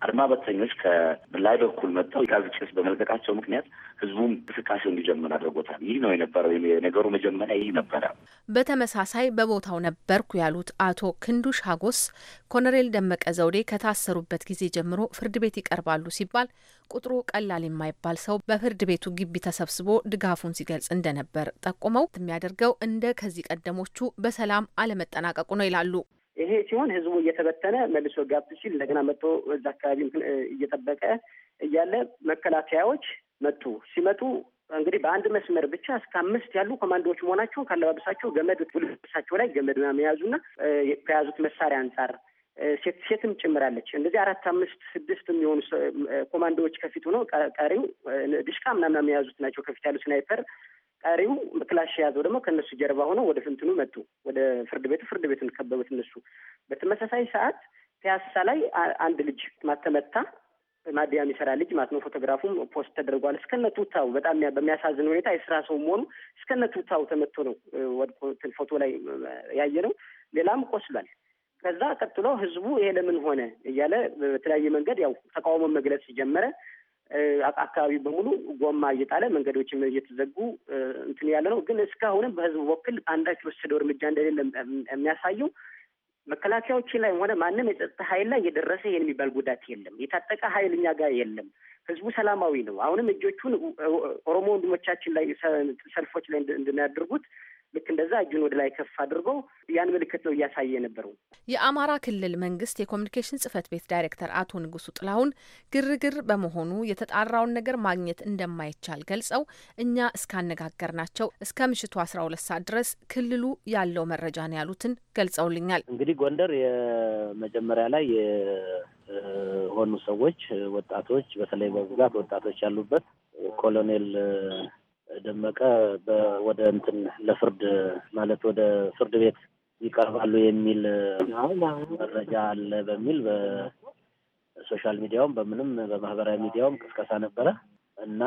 አድማ በተኞች ከላይ በኩል መጥተው የጋዝ ጭስ በመልቀቃቸው ምክንያት ህዝቡም እንቅስቃሴው እንዲጀምር አድርጎታል። ይህ ነው የነበረ የነገሩ መጀመሪያ ይህ ነበረ። በተመሳሳይ በቦታው ነበርኩ ያሉት አቶ ክንዱሽ ሀጎስ ኮሎኔል ደመቀ ዘውዴ ከታሰሩበት ጊዜ ጀምሮ ፍርድ ቤት ይቀርባሉ ሲባል ቁጥሩ ቀላል የማይባል ሰው በፍርድ ቤቱ ግቢ ተሰብስቦ ድጋፉን ሲገልጽ እንደነበር ጠቁመው የሚያደርገው እንደ ከዚህ ቀደሞቹ በሰላም አለመጠናቀቁ ነው ይላሉ። ይሄ ሲሆን ህዝቡ እየተበተነ መልሶ ጋብ ሲል እንደገና መጥቶ እዛ አካባቢ እየጠበቀ እያለ መከላከያዎች መጡ። ሲመጡ እንግዲህ በአንድ መስመር ብቻ እስከ አምስት ያሉ ኮማንዶዎች መሆናቸውን ካለባበሳቸው ገመድ ልብሳቸው ላይ ገመድ መያዙና ከያዙት መሳሪያ አንጻር ሴት ሴትም ጭምራለች። እንደዚህ አራት አምስት ስድስት የሚሆኑ ኮማንዶዎች ከፊት ሆነው ቀሪው ድሽቃ ምናምን የሚያዙት ናቸው። ከፊት ያሉ ስናይፐር ቀሪው ክላሽ የያዘው ደግሞ ከእነሱ ጀርባ ሆነው ወደ ፍንትኑ መጡ። ወደ ፍርድ ቤቱ ፍርድ ቤቱን ከበቡት እነሱ። በተመሳሳይ ሰዓት ፒያሳ ላይ አንድ ልጅ ማተመታ ማደያ የሚሰራ ልጅ ማለት ነው። ፎቶግራፉም ፖስት ተደርጓል። እስከነ ቱታው በጣም በሚያሳዝን ሁኔታ የስራ ሰው መሆኑ እስከነ ቱታው ተመቶ ነው ወድቆ ፎቶ ላይ ያየ ነው። ሌላም ቆስሏል። ከዛ ቀጥሎ ህዝቡ ይሄ ለምን ሆነ እያለ በተለያየ መንገድ ያው ተቃውሞ መግለጽ ሲጀመረ አካባቢ በሙሉ ጎማ እየጣለ መንገዶችም እየተዘጉ እንትን ያለ ነው። ግን እስካሁንም በህዝቡ በኩል አንዳች የወሰደው እርምጃ እንደሌለ የሚያሳየው መከላከያዎች ላይ ሆነ ማንም የጸጥታ ኃይል ላይ የደረሰ ይሄን የሚባል ጉዳት የለም። የታጠቀ ኃይል እኛ ጋር የለም። ህዝቡ ሰላማዊ ነው። አሁንም እጆቹን ኦሮሞ ወንድሞቻችን ላይ ሰልፎች ላይ እንድናያደርጉት ልክ እንደዛ እጁን ወደ ላይ ከፍ አድርጎ ያን ምልክት ነው እያሳየ ነበረው የአማራ ክልል መንግስት የኮሚኒኬሽን ጽህፈት ቤት ዳይሬክተር አቶ ንጉሱ ጥላሁን ግርግር በመሆኑ የተጣራውን ነገር ማግኘት እንደማይቻል ገልጸው እኛ ናቸው እስከ ምሽቱ አስራ ሁለት ሰዓት ድረስ ክልሉ ያለው መረጃ ነው ያሉትን ገልጸውልኛል። እንግዲህ ጎንደር የመጀመሪያ ላይ የሆኑ ሰዎች ወጣቶች፣ በተለይ በብዛት ወጣቶች ያሉበት ኮሎኔል ደመቀ ወደ እንትን ለፍርድ ማለት ወደ ፍርድ ቤት ይቀርባሉ የሚል መረጃ አለ በሚል በሶሻል ሚዲያውም በምንም በማህበራዊ ሚዲያውም ቅስቀሳ ነበረ እና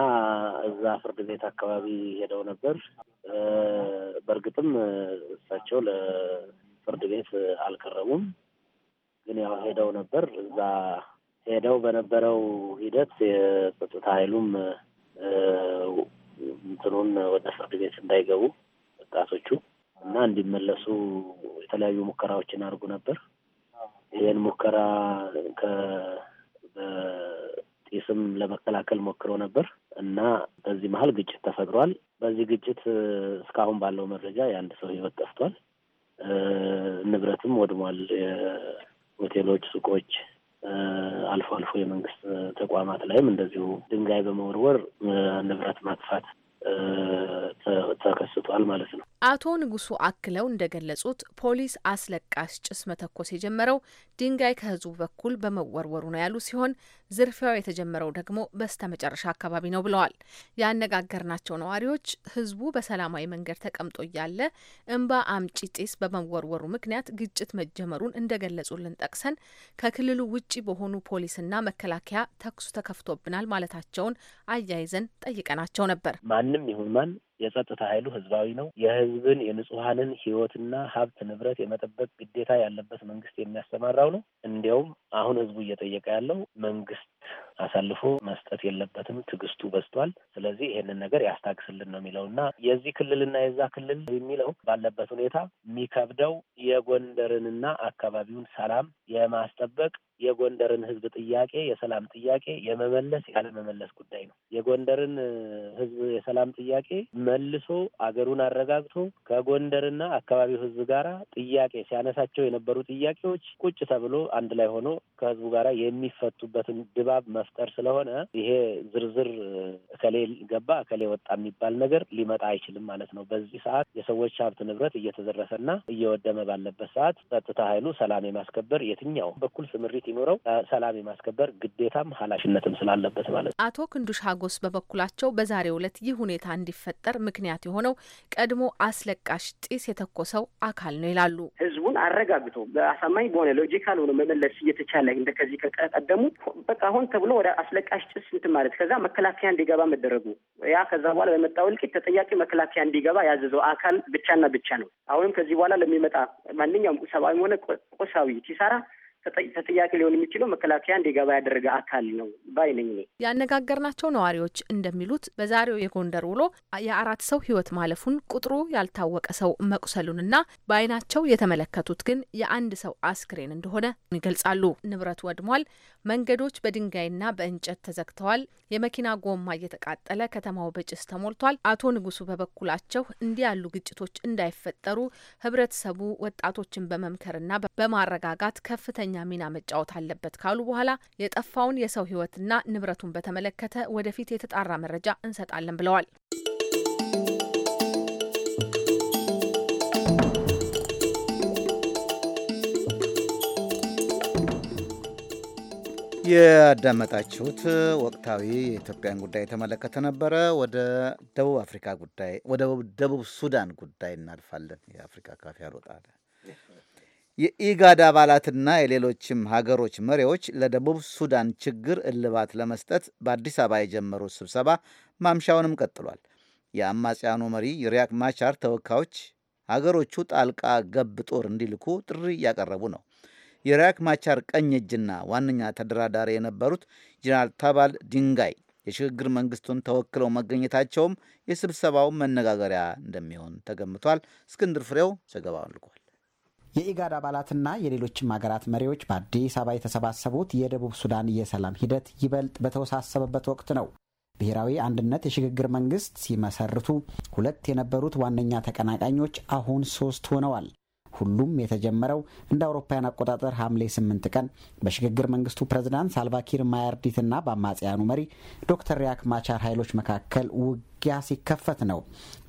እዛ ፍርድ ቤት አካባቢ ሄደው ነበር። በእርግጥም እሳቸው ለፍርድ ቤት አልቀረቡም፣ ግን ያው ሄደው ነበር። እዛ ሄደው በነበረው ሂደት የጸጥታ ኃይሉም እንትኑን ወደ ፍርድ ቤት እንዳይገቡ ወጣቶቹ እና እንዲመለሱ የተለያዩ ሙከራዎችን አድርጉ ነበር። ይህን ሙከራ ከጢስም ለመከላከል ሞክሮ ነበር እና በዚህ መሀል ግጭት ተፈጥሯል። በዚህ ግጭት እስካሁን ባለው መረጃ የአንድ ሰው ህይወት ጠፍቷል፣ ንብረትም ወድሟል። የሆቴሎች ሱቆች፣ አልፎ አልፎ የመንግስት ተቋማት ላይም እንደዚሁ ድንጋይ በመወርወር ንብረት ማጥፋት ተከስቷል ማለት ነው። አቶ ንጉሱ አክለው እንደገለጹት ፖሊስ አስለቃሽ ጭስ መተኮስ የጀመረው ድንጋይ ከህዝቡ በኩል በመወርወሩ ነው ያሉ ሲሆን ዝርፊያው የተጀመረው ደግሞ በስተ መጨረሻ አካባቢ ነው ብለዋል። ያነጋገርናቸው ነዋሪዎች ህዝቡ በሰላማዊ መንገድ ተቀምጦ እያለ እንባ አምጪ ጢስ በመወርወሩ ምክንያት ግጭት መጀመሩን እንደገለጹልን ጠቅሰን ከክልሉ ውጪ በሆኑ ፖሊስና መከላከያ ተኩሱ ተከፍቶብናል ማለታቸውን አያይዘን ጠይቀናቸው ነበር። ማንም ይሁን ማን የጸጥታ ኃይሉ ህዝባዊ ነው። የህዝብን የንጹሐንን ህይወትና ሀብት ንብረት የመጠበቅ ግዴታ ያለበት መንግስት የሚያሰማራው ሌላው ነው። እንዲያውም አሁን ህዝቡ እየጠየቀ ያለው መንግስት አሳልፎ መስጠት የለበትም፣ ትዕግስቱ በዝቷል፣ ስለዚህ ይሄንን ነገር ያስታግስልን ነው የሚለው እና የዚህ ክልልና የዛ ክልል የሚለው ባለበት ሁኔታ የሚከብደው የጎንደርንና አካባቢውን ሰላም የማስጠበቅ የጎንደርን ህዝብ ጥያቄ የሰላም ጥያቄ የመመለስ ያለመመለስ ጉዳይ ነው። የጎንደርን ህዝብ የሰላም ጥያቄ መልሶ አገሩን አረጋግቶ ከጎንደርና አካባቢው ህዝብ ጋራ ጥያቄ ሲያነሳቸው የነበሩ ጥያቄዎች ቁጭ ተብሎ አንድ ላይ ሆኖ ከህዝቡ ጋራ የሚፈቱበትን ድባብ መፍጠር ስለሆነ ይሄ ዝርዝር እከሌ ገባ እከሌ ወጣ የሚባል ነገር ሊመጣ አይችልም ማለት ነው። በዚህ ሰዓት የሰዎች ሀብት ንብረት እየተዘረፈና እየወደመ ባለበት ሰዓት ጸጥታ ኃይሉ ሰላም የማስከበር የትኛው በኩል ስምሪት እንዲኖረው ሰላም የማስከበር ግዴታም ኃላፊነትም ስላለበት ማለት ነው። አቶ ክንዱሽ ሀጎስ በበኩላቸው በዛሬው ዕለት ይህ ሁኔታ እንዲፈጠር ምክንያት የሆነው ቀድሞ አስለቃሽ ጢስ የተኮሰው አካል ነው ይላሉ። ህዝቡን አረጋግቶ በአሳማኝ በሆነ ሎጂካል ሆኖ መመለስ እየተቻለ ከዚህ ከቀደሙ በቃ ሆን ተብሎ ወደ አስለቃሽ ጭስ እንትን ማለት ከዛ መከላከያ እንዲገባ መደረጉ ያ ከዛ በኋላ በመጣው እልቂት ተጠያቂ መከላከያ እንዲገባ ያዘዘው አካል ብቻና ብቻ ነው። አሁንም ከዚህ በኋላ ለሚመጣ ማንኛውም ቁሳዊ ሆነ ቁሳዊ ኪሳራ ተጠያቂ ሊሆን የሚችለው መከላከያ እንዲገባ ያደረገ አካል ነው ባይ ነኝ። ያነጋገርናቸው ነዋሪዎች እንደሚሉት በዛሬው የጎንደር ውሎ የአራት ሰው ህይወት ማለፉን ቁጥሩ ያልታወቀ ሰው መቁሰሉንና በአይናቸው የተመለከቱት ግን የአንድ ሰው አስክሬን እንደሆነ ይገልጻሉ። ንብረት ወድሟል። መንገዶች በድንጋይና በእንጨት ተዘግተዋል። የመኪና ጎማ እየተቃጠለ ከተማው በጭስ ተሞልቷል። አቶ ንጉሱ በበኩላቸው እንዲህ ያሉ ግጭቶች እንዳይፈጠሩ ህብረተሰቡ ወጣቶችን በመምከርና በማረጋጋት ከፍተኛ ከፍተኛ ሚና መጫወት አለበት ካሉ በኋላ የጠፋውን የሰው ህይወትና ንብረቱን በተመለከተ ወደፊት የተጣራ መረጃ እንሰጣለን ብለዋል። ያዳመጣችሁት ወቅታዊ የኢትዮጵያን ጉዳይ የተመለከተ ነበረ። ወደ ደቡብ አፍሪካ ጉዳይ፣ ወደ ደቡብ ሱዳን ጉዳይ እናልፋለን። የአፍሪካ ካፊ አልወጣለ የኢጋድ አባላትና የሌሎችም ሀገሮች መሪዎች ለደቡብ ሱዳን ችግር እልባት ለመስጠት በአዲስ አበባ የጀመሩት ስብሰባ ማምሻውንም ቀጥሏል። የአማጽያኑ መሪ ሪያክ ማቻር ተወካዮች ሀገሮቹ ጣልቃ ገብ ጦር እንዲልኩ ጥሪ እያቀረቡ ነው። የሪያክ ማቻር ቀኝ እጅና ዋነኛ ተደራዳሪ የነበሩት ጀነራል ታባል ዲንጋይ የሽግግር መንግስቱን ተወክለው መገኘታቸውም የስብሰባው መነጋገሪያ እንደሚሆን ተገምቷል። እስክንድር ፍሬው ዘገባውን ልኳል። የኢጋድ አባላትና የሌሎችም ሀገራት መሪዎች በአዲስ አበባ የተሰባሰቡት የደቡብ ሱዳን የሰላም ሂደት ይበልጥ በተወሳሰበበት ወቅት ነው። ብሔራዊ አንድነት የሽግግር መንግስት ሲመሰርቱ ሁለት የነበሩት ዋነኛ ተቀናቃኞች አሁን ሶስት ሆነዋል። ሁሉም የተጀመረው እንደ አውሮፓውያን አቆጣጠር ሐምሌ 8 ቀን በሽግግር መንግስቱ ፕሬዝዳንት ሳልቫኪር ማያርዲትና በአማጽያኑ መሪ ዶክተር ሪያክ ማቻር ኃይሎች መካከል ውግ ውጊያ ሲከፈት ነው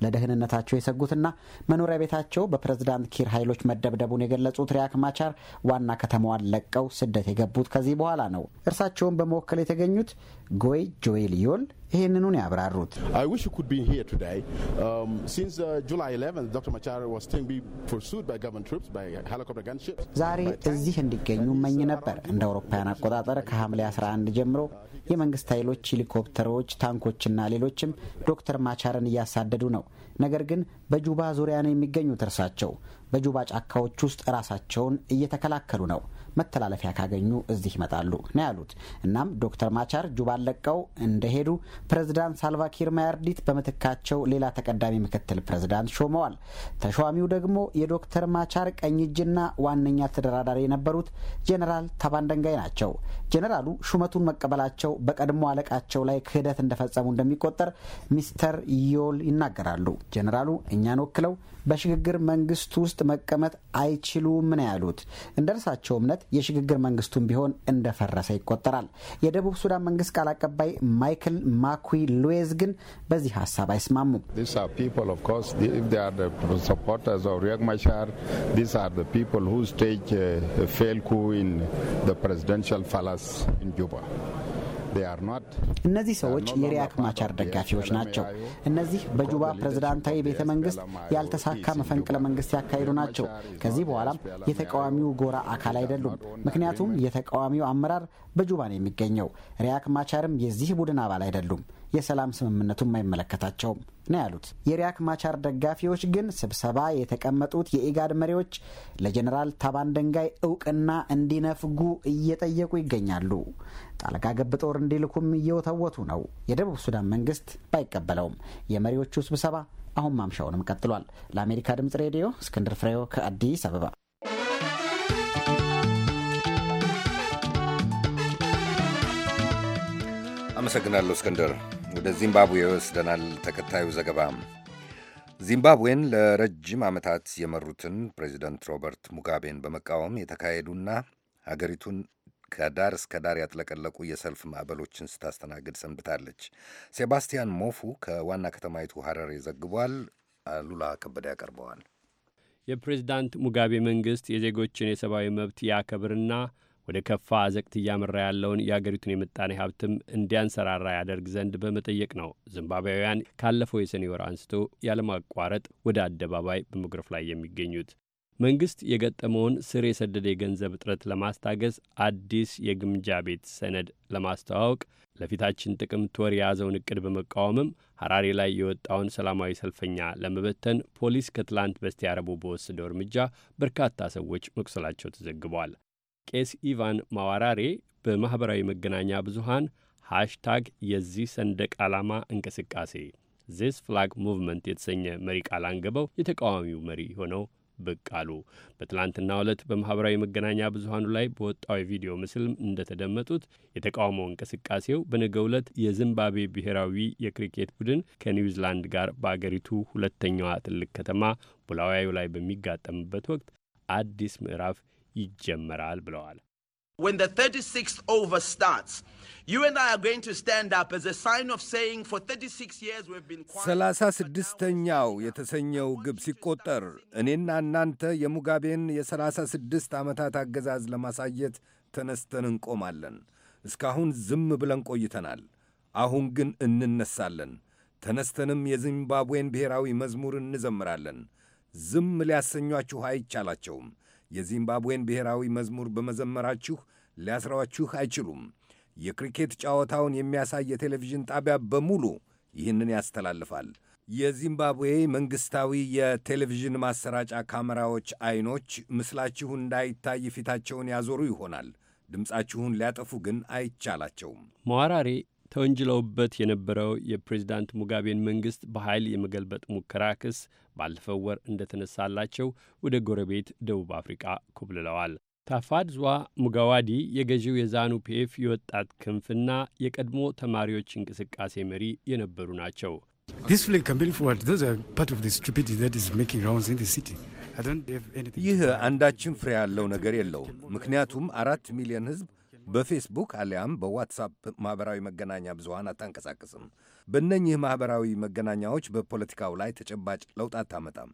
ለደህንነታቸው የሰጉትና መኖሪያ ቤታቸው በፕሬዝዳንት ኪር ኃይሎች መደብደቡን የገለጹት ሪያክ ማቻር ዋና ከተማዋን ለቀው ስደት የገቡት ከዚህ በኋላ ነው። እርሳቸውን በመወከል የተገኙት ጎይ ጆኤል ዮል ይህንኑን ያብራሩት um, uh, ዛሬ እዚህ እንዲገኙ እመኝ uh, ነበር። እንደ አውሮፓውያን አቆጣጠር ከሐምሌ 11 ጀምሮ የመንግስት ኃይሎች ሄሊኮፕተሮች፣ ታንኮችና ሌሎችም ዶክተር ማቻርን እያሳደዱ ነው። ነገር ግን በጁባ ዙሪያ ነው የሚገኙት። እርሳቸው በጁባ ጫካዎች ውስጥ ራሳቸውን እየተከላከሉ ነው። መተላለፊያ ካገኙ እዚህ ይመጣሉ ነው ያሉት። እናም ዶክተር ማቻር ጁባን ለቀው እንደሄዱ ፕሬዝዳንት ሳልቫኪር ማያርዲት በምትካቸው ሌላ ተቀዳሚ ምክትል ፕሬዝዳንት ሾመዋል። ተሿሚው ደግሞ የዶክተር ማቻር ቀኝ እጅና ዋነኛ ተደራዳሪ የነበሩት ጄኔራል ታባንደንጋይ ናቸው። ጄኔራሉ ሹመቱን መቀበላቸው በቀድሞ አለቃቸው ላይ ክህደት እንደፈጸሙ እንደሚቆጠር ሚስተር ዮል ይናገራሉ። ጄኔራሉ እኛን ወክለው በሽግግር መንግስት ውስጥ መቀመጥ አይችሉም ነው ያሉት። እንደ እርሳቸው እምነት የሽግግር መንግስቱም ቢሆን እንደፈረሰ ይቆጠራል። የደቡብ ሱዳን መንግስት ቃል አቀባይ ማይክል ማኩ ሉዌዝ ግን በዚህ ሀሳብ አይስማሙም። እነዚህ ሰዎች የሪያክ ማቻር ደጋፊዎች ናቸው። እነዚህ በጁባ ፕሬዝዳንታዊ ቤተ መንግስት ያልተሳካ መፈንቅለ መንግስት ያካሄዱ ናቸው። ከዚህ በኋላም የተቃዋሚው ጎራ አካል አይደሉም። ምክንያቱም የተቃዋሚው አመራር በጁባ ነው የሚገኘው። ሪያክ ማቻርም የዚህ ቡድን አባል አይደሉም። የሰላም ስምምነቱም አይመለከታቸውም ነው ያሉት። የሪያክ ማቻር ደጋፊዎች ግን ስብሰባ የተቀመጡት የኢጋድ መሪዎች ለጀኔራል ታባን ደንጋይ እውቅና እንዲነፍጉ እየጠየቁ ይገኛሉ። ጣልቃ ገብ ጦር እንዲልኩም እየወተወቱ ነው። የደቡብ ሱዳን መንግስት ባይቀበለውም የመሪዎቹ ስብሰባ አሁን ማምሻውንም ቀጥሏል። ለአሜሪካ ድምጽ ሬዲዮ እስክንድር ፍሬው ከአዲስ አበባ። አመሰግናለሁ እስክንድር። ወደ ዚምባብዌ ይወስደናል ተከታዩ ዘገባ። ዚምባብዌን ለረጅም ዓመታት የመሩትን ፕሬዚደንት ሮበርት ሙጋቤን በመቃወም የተካሄዱና ሀገሪቱን ከዳር እስከ ዳር ያጥለቀለቁ የሰልፍ ማዕበሎችን ስታስተናግድ ሰንብታለች። ሴባስቲያን ሞፉ ከዋና ከተማይቱ ሀረሬ ዘግቧል። አሉላ ከበደ ያቀርበዋል። የፕሬዚዳንት ሙጋቤ መንግሥት የዜጎችን የሰብአዊ መብት ያከብርና ወደ ከፋ አዘቅት እያመራ ያለውን የአገሪቱን የምጣኔ ሀብትም እንዲያንሰራራ ያደርግ ዘንድ በመጠየቅ ነው ዚምባብያውያን ካለፈው የሰኔ ወር አንስቶ ያለማቋረጥ ወደ አደባባይ በመጉረፍ ላይ የሚገኙት። መንግስት የገጠመውን ስር የሰደደ የገንዘብ እጥረት ለማስታገስ አዲስ የግምጃ ቤት ሰነድ ለማስተዋወቅ ለፊታችን ጥቅምት ወር የያዘውን እቅድ በመቃወምም ሐራሬ ላይ የወጣውን ሰላማዊ ሰልፈኛ ለመበተን ፖሊስ ከትላንት በስቲያ ረቡዕ በወሰደው እርምጃ በርካታ ሰዎች መቁሰላቸው ተዘግቧል። ቄስ ኢቫን ማዋራሬ በማኅበራዊ መገናኛ ብዙሃን ሃሽታግ የዚህ ሰንደቅ ዓላማ እንቅስቃሴ ዚስ ፍላግ ሙቭመንት የተሰኘ መሪ ቃል አንገበው የተቃዋሚው መሪ ሆነው ብቅ አሉ። በትላንትናው ዕለት በማኅበራዊ መገናኛ ብዙሃኑ ላይ በወጣው የቪዲዮ ምስል እንደተደመጡት የተቃውሞ እንቅስቃሴው በነገው ዕለት የዚምባብዌ ብሔራዊ የክሪኬት ቡድን ከኒውዚላንድ ጋር በአገሪቱ ሁለተኛዋ ትልቅ ከተማ ቡላዋዮ ላይ በሚጋጠምበት ወቅት አዲስ ምዕራፍ ይጀመራል ብለዋል። ሰላሳ ስድስተኛው የተሰኘው ግብ ሲቆጠር እኔና እናንተ የሙጋቤን የሰላሳ ስድስት ዓመታት አገዛዝ ለማሳየት ተነስተን እንቆማለን። እስካሁን ዝም ብለን ቆይተናል። አሁን ግን እንነሳለን። ተነስተንም የዚምባብዌን ብሔራዊ መዝሙር እንዘምራለን። ዝም ሊያሰኟችሁ አይቻላቸውም። የዚምባብዌን ብሔራዊ መዝሙር በመዘመራችሁ ሊያስራዋችሁ አይችሉም። የክሪኬት ጨዋታውን የሚያሳይ የቴሌቪዥን ጣቢያ በሙሉ ይህንን ያስተላልፋል። የዚምባብዌ መንግስታዊ የቴሌቪዥን ማሰራጫ ካሜራዎች አይኖች ምስላችሁ እንዳይታይ ፊታቸውን ያዞሩ ይሆናል። ድምፃችሁን ሊያጠፉ ግን አይቻላቸውም። መዋራሬ ተወንጅለውበት የነበረው የፕሬዚዳንት ሙጋቤን መንግስት በኃይል የመገልበጥ ሙከራ ክስ ባለፈው ወር እንደተነሳላቸው ወደ ጎረቤት ደቡብ አፍሪቃ ኮብልለዋል። ታፋድዟ ሙጋዋዲ የገዢው የዛኑ ፒኤፍ የወጣት ክንፍና የቀድሞ ተማሪዎች እንቅስቃሴ መሪ የነበሩ ናቸው። ይህ አንዳችን ፍሬ ያለው ነገር የለውም። ምክንያቱም አራት ሚሊዮን ህዝብ በፌስቡክ አሊያም በዋትሳፕ ማኅበራዊ መገናኛ ብዙሃን አታንቀሳቅስም። በእነኚህ ማኅበራዊ መገናኛዎች በፖለቲካው ላይ ተጨባጭ ለውጥ አታመጣም።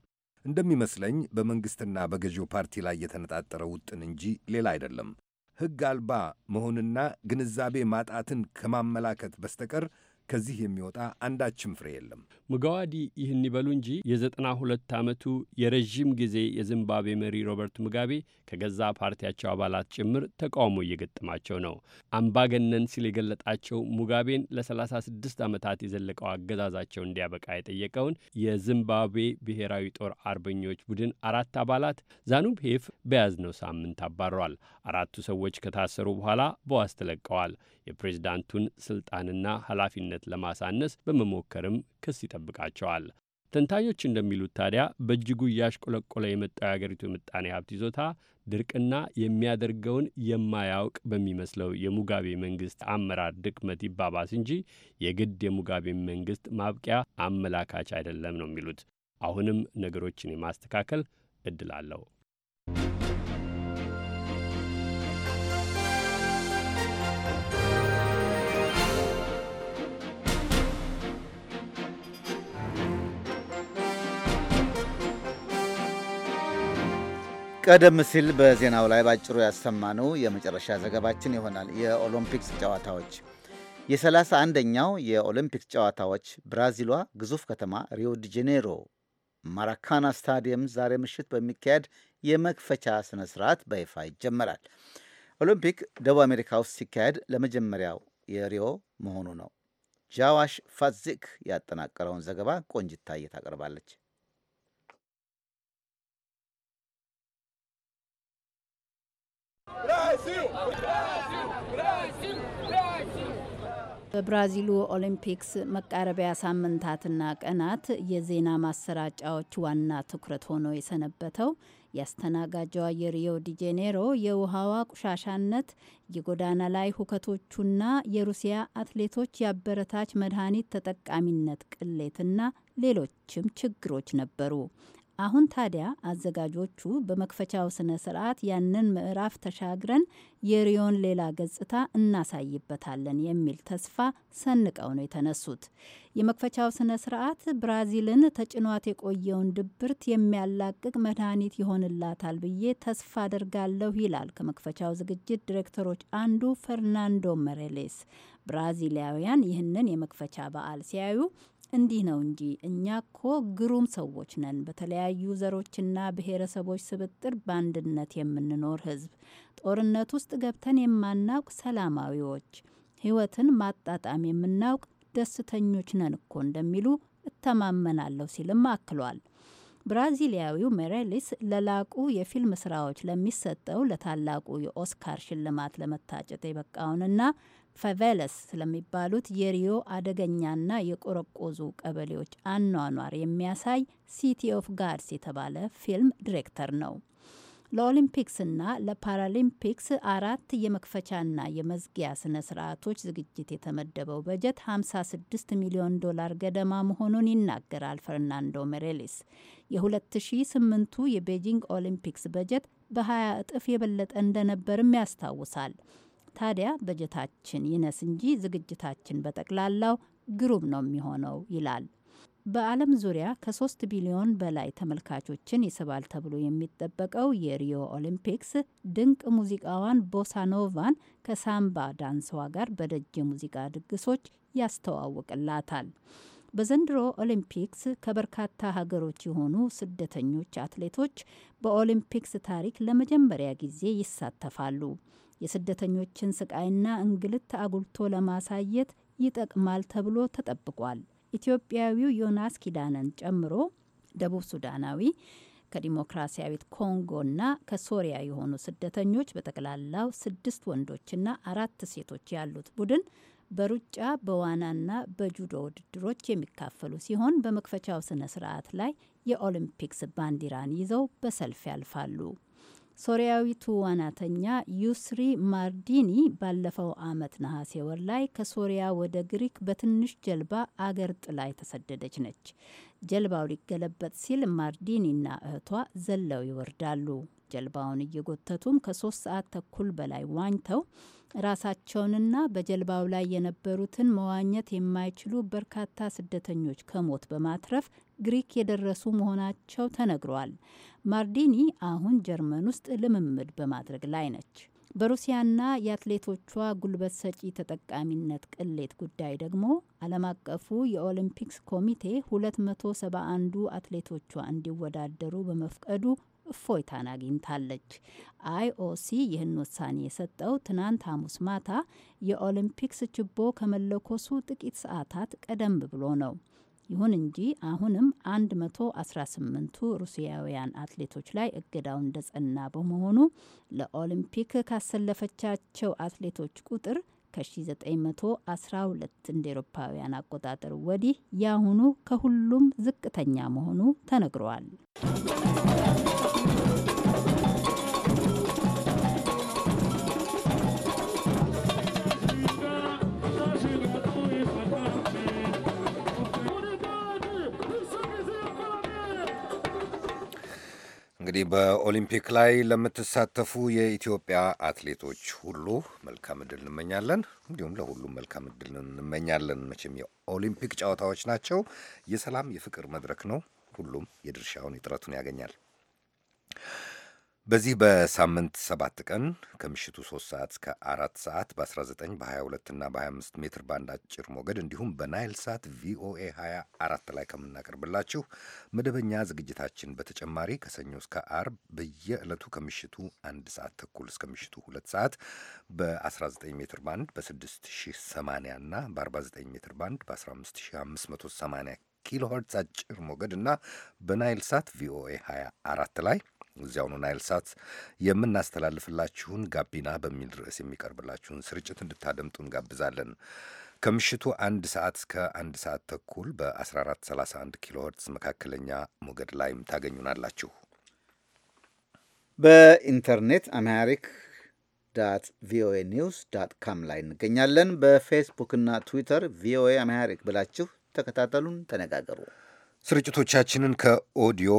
እንደሚመስለኝ በመንግሥትና በገዢው ፓርቲ ላይ የተነጣጠረ ውጥን እንጂ ሌላ አይደለም። ሕግ አልባ መሆንና ግንዛቤ ማጣትን ከማመላከት በስተቀር ከዚህ የሚወጣ አንዳችም ፍሬ የለም። ሙጋዋዲ ይህን ይበሉ እንጂ የዘጠና ሁለት ዓመቱ የረዥም ጊዜ የዚምባብዌ መሪ ሮበርት ሙጋቤ ከገዛ ፓርቲያቸው አባላት ጭምር ተቃውሞ እየገጠማቸው ነው። አምባገነን ሲል የገለጣቸው ሙጋቤን ለ36 ዓመታት የዘለቀው አገዛዛቸው እንዲያበቃ የጠየቀውን የዚምባብዌ ብሔራዊ ጦር አርበኞች ቡድን አራት አባላት ዛኑብ ሄፍ በያዝነው ሳምንት አባሯል። አራቱ ሰዎች ከታሰሩ በኋላ በዋስ ተለቀዋል። የፕሬዝዳንቱን ስልጣንና ኃላፊነት ለማሳነስ በመሞከርም ክስ ይጠብቃቸዋል። ተንታኞች እንደሚሉት ታዲያ በእጅጉ እያሽቆለቆለ የመጣው የአገሪቱ የምጣኔ ሀብት ይዞታ ድርቅና የሚያደርገውን የማያውቅ በሚመስለው የሙጋቤ መንግስት አመራር ድክመት ይባባስ እንጂ የግድ የሙጋቤ መንግስት ማብቂያ አመላካች አይደለም ነው የሚሉት። አሁንም ነገሮችን የማስተካከል እድል አለው። ቀደም ሲል በዜናው ላይ ባጭሩ ያሰማነው የመጨረሻ ዘገባችን ይሆናል። የኦሎምፒክስ ጨዋታዎች የሰላሳ አንደኛው የኦሎምፒክስ ጨዋታዎች ብራዚሏ ግዙፍ ከተማ ሪዮ ዲ ጄኔሮ ማራካና ስታዲየም ዛሬ ምሽት በሚካሄድ የመክፈቻ ስነ ስርዓት በይፋ ይጀመራል። ኦሎምፒክ ደቡብ አሜሪካ ውስጥ ሲካሄድ ለመጀመሪያው የሪዮ መሆኑ ነው። ጃዋሽ ፋዚክ ያጠናቀረውን ዘገባ ቆንጅታ ታቀርባለች። Brasil! Brasil! Brasil! Brasil! በብራዚሉ ኦሊምፒክስ መቃረቢያ ሳምንታትና ቀናት የዜና ማሰራጫዎች ዋና ትኩረት ሆኖ የሰነበተው ያስተናጋጀዋ የሪዮ ዲጄኔሮ የውሃዋ ቆሻሻነት፣ የጎዳና ላይ ሁከቶቹና የሩሲያ አትሌቶች የአበረታች መድኃኒት ተጠቃሚነት ቅሌትና ሌሎችም ችግሮች ነበሩ። አሁን ታዲያ አዘጋጆቹ በመክፈቻው ስነ ስርዓት ያንን ምዕራፍ ተሻግረን የሪዮን ሌላ ገጽታ እናሳይበታለን የሚል ተስፋ ሰንቀው ነው የተነሱት። የመክፈቻው ስነ ስርዓት ብራዚልን ተጭኗት የቆየውን ድብርት የሚያላቅቅ መድኃኒት ይሆንላታል ብዬ ተስፋ አድርጋለሁ ይላል ከመክፈቻው ዝግጅት ዲሬክተሮች አንዱ ፈርናንዶ መሬሌስ። ብራዚላውያን ይህንን የመክፈቻ በዓል ሲያዩ እንዲህ ነው እንጂ እኛ እኮ ግሩም ሰዎች ነን። በተለያዩ ዘሮችና ብሔረሰቦች ስብጥር በአንድነት የምንኖር ህዝብ፣ ጦርነት ውስጥ ገብተን የማናውቅ ሰላማዊዎች፣ ህይወትን ማጣጣም የምናውቅ ደስተኞች ነን እኮ እንደሚሉ እተማመናለሁ ሲልም አክሏል። ብራዚሊያዊው ሜሬሊስ ለላቁ የፊልም ስራዎች ለሚሰጠው ለታላቁ የኦስካር ሽልማት ለመታጨት የበቃውንና ፈቬለስ ስለሚባሉት የሪዮ አደገኛና የቆረቆዙ ቀበሌዎች አኗኗር የሚያሳይ ሲቲ ኦፍ ጋድስ የተባለ ፊልም ዲሬክተር ነው። ለኦሊምፒክስና ለፓራሊምፒክስ አራት የመክፈቻና የመዝጊያ ስነ ስርዓቶች ዝግጅት የተመደበው በጀት 56 ሚሊዮን ዶላር ገደማ መሆኑን ይናገራል ፈርናንዶ ሜሬሊስ። የ2008ቱ የቤጂንግ ኦሊምፒክስ በጀት በ20 እጥፍ የበለጠ እንደነበርም ያስታውሳል። ታዲያ በጀታችን ይነስ እንጂ ዝግጅታችን በጠቅላላው ግሩም ነው የሚሆነው ይላል። በዓለም ዙሪያ ከሶስት ቢሊዮን በላይ ተመልካቾችን ይስባል ተብሎ የሚጠበቀው የሪዮ ኦሊምፒክስ ድንቅ ሙዚቃዋን ቦሳኖቫን ከሳምባ ዳንስዋ ጋር በደጅ የሙዚቃ ድግሶች ያስተዋውቅላታል። በዘንድሮ ኦሊምፒክስ ከበርካታ ሀገሮች የሆኑ ስደተኞች አትሌቶች በኦሊምፒክስ ታሪክ ለመጀመሪያ ጊዜ ይሳተፋሉ። የስደተኞችን ስቃይና እንግልት አጉልቶ ለማሳየት ይጠቅማል ተብሎ ተጠብቋል። ኢትዮጵያዊው ዮናስ ኪዳነን ጨምሮ ደቡብ ሱዳናዊ ከዲሞክራሲያዊት ኮንጎና ከሶሪያ የሆኑ ስደተኞች በጠቅላላው ስድስት ወንዶችና አራት ሴቶች ያሉት ቡድን በሩጫ በዋናና በጁዶ ውድድሮች የሚካፈሉ ሲሆን በመክፈቻው ስነ ስርዓት ላይ የኦሊምፒክስ ባንዲራን ይዘው በሰልፍ ያልፋሉ። ሶሪያዊቱ ዋናተኛ ዩስሪ ማርዲኒ ባለፈው ዓመት ነሐሴ ወር ላይ ከሶሪያ ወደ ግሪክ በትንሽ ጀልባ አገር ጥላ የተሰደደች ነች። ጀልባው ሊገለበጥ ሲል ማርዲኒና እህቷ ዘለው ይወርዳሉ። ጀልባውን እየጎተቱም ከሶስት ሰዓት ተኩል በላይ ዋኝተው ራሳቸውንና በጀልባው ላይ የነበሩትን መዋኘት የማይችሉ በርካታ ስደተኞች ከሞት በማትረፍ ግሪክ የደረሱ መሆናቸው ተነግሯል። ማርዲኒ አሁን ጀርመን ውስጥ ልምምድ በማድረግ ላይ ነች። በሩሲያና የአትሌቶቿ ጉልበት ሰጪ ተጠቃሚነት ቅሌት ጉዳይ ደግሞ ዓለም አቀፉ የኦሊምፒክስ ኮሚቴ 271ዱ አትሌቶቿ እንዲወዳደሩ በመፍቀዱ እፎይታን አግኝታለች። አይኦሲ ይህን ውሳኔ የሰጠው ትናንት ሐሙስ ማታ የኦሊምፒክስ ችቦ ከመለኮሱ ጥቂት ሰዓታት ቀደም ብሎ ነው። ይሁን እንጂ አሁንም 118ቱ ሩሲያውያን አትሌቶች ላይ እገዳው እንደጸና በመሆኑ ለኦሊምፒክ ካሰለፈቻቸው አትሌቶች ቁጥር ከ1912 እንደ ኤሮፓውያን አቆጣጠር ወዲህ ያሁኑ ከሁሉም ዝቅተኛ መሆኑ ተነግሯል። እንግዲህ በኦሊምፒክ ላይ ለምትሳተፉ የኢትዮጵያ አትሌቶች ሁሉ መልካም እድል እንመኛለን። እንዲሁም ለሁሉም መልካም እድል እንመኛለን። መቼም የኦሊምፒክ ጨዋታዎች ናቸው። የሰላም የፍቅር መድረክ ነው። ሁሉም የድርሻውን የጥረቱን ያገኛል። በዚህ በሳምንት ሰባት ቀን ከምሽቱ ሶስት ሰዓት እስከ አራት ሰዓት በ19 በ22 እና በ25 ሜትር ባንድ አጭር ሞገድ እንዲሁም በናይል ሳት ቪኦኤ 24 ላይ ከምናቀርብላችሁ መደበኛ ዝግጅታችን በተጨማሪ ከሰኞ እስከ አርብ በየዕለቱ ከምሽቱ አንድ ሰዓት ተኩል እስከ ምሽቱ 2 ሰዓት በ19 ሜትር ባንድ በ6080 እና በ49 ሜትር ባንድ በ15580 ኪሎ አጭር ሞገድ እና በናይል ሳት ቪኦኤ 24 ላይ እዚያውኑ ናይል ሳት የምናስተላልፍላችሁን ጋቢና በሚል ርዕስ የሚቀርብላችሁን ስርጭት እንድታደምጡ እንጋብዛለን። ከምሽቱ አንድ ሰዓት እስከ አንድ ሰዓት ተኩል በ1431 ኪሎ ሄርትስ መካከለኛ ሞገድ ላይም ታገኙናላችሁ። በኢንተርኔት አምሃሪክ ዳት ቪኦኤ ኒውስ ዳት ካም ላይ እንገኛለን። በፌስቡክና ትዊተር ቪኦኤ አምሃሪክ ብላችሁ ተከታተሉን፣ ተነጋገሩ። ስርጭቶቻችንን ከኦዲዮ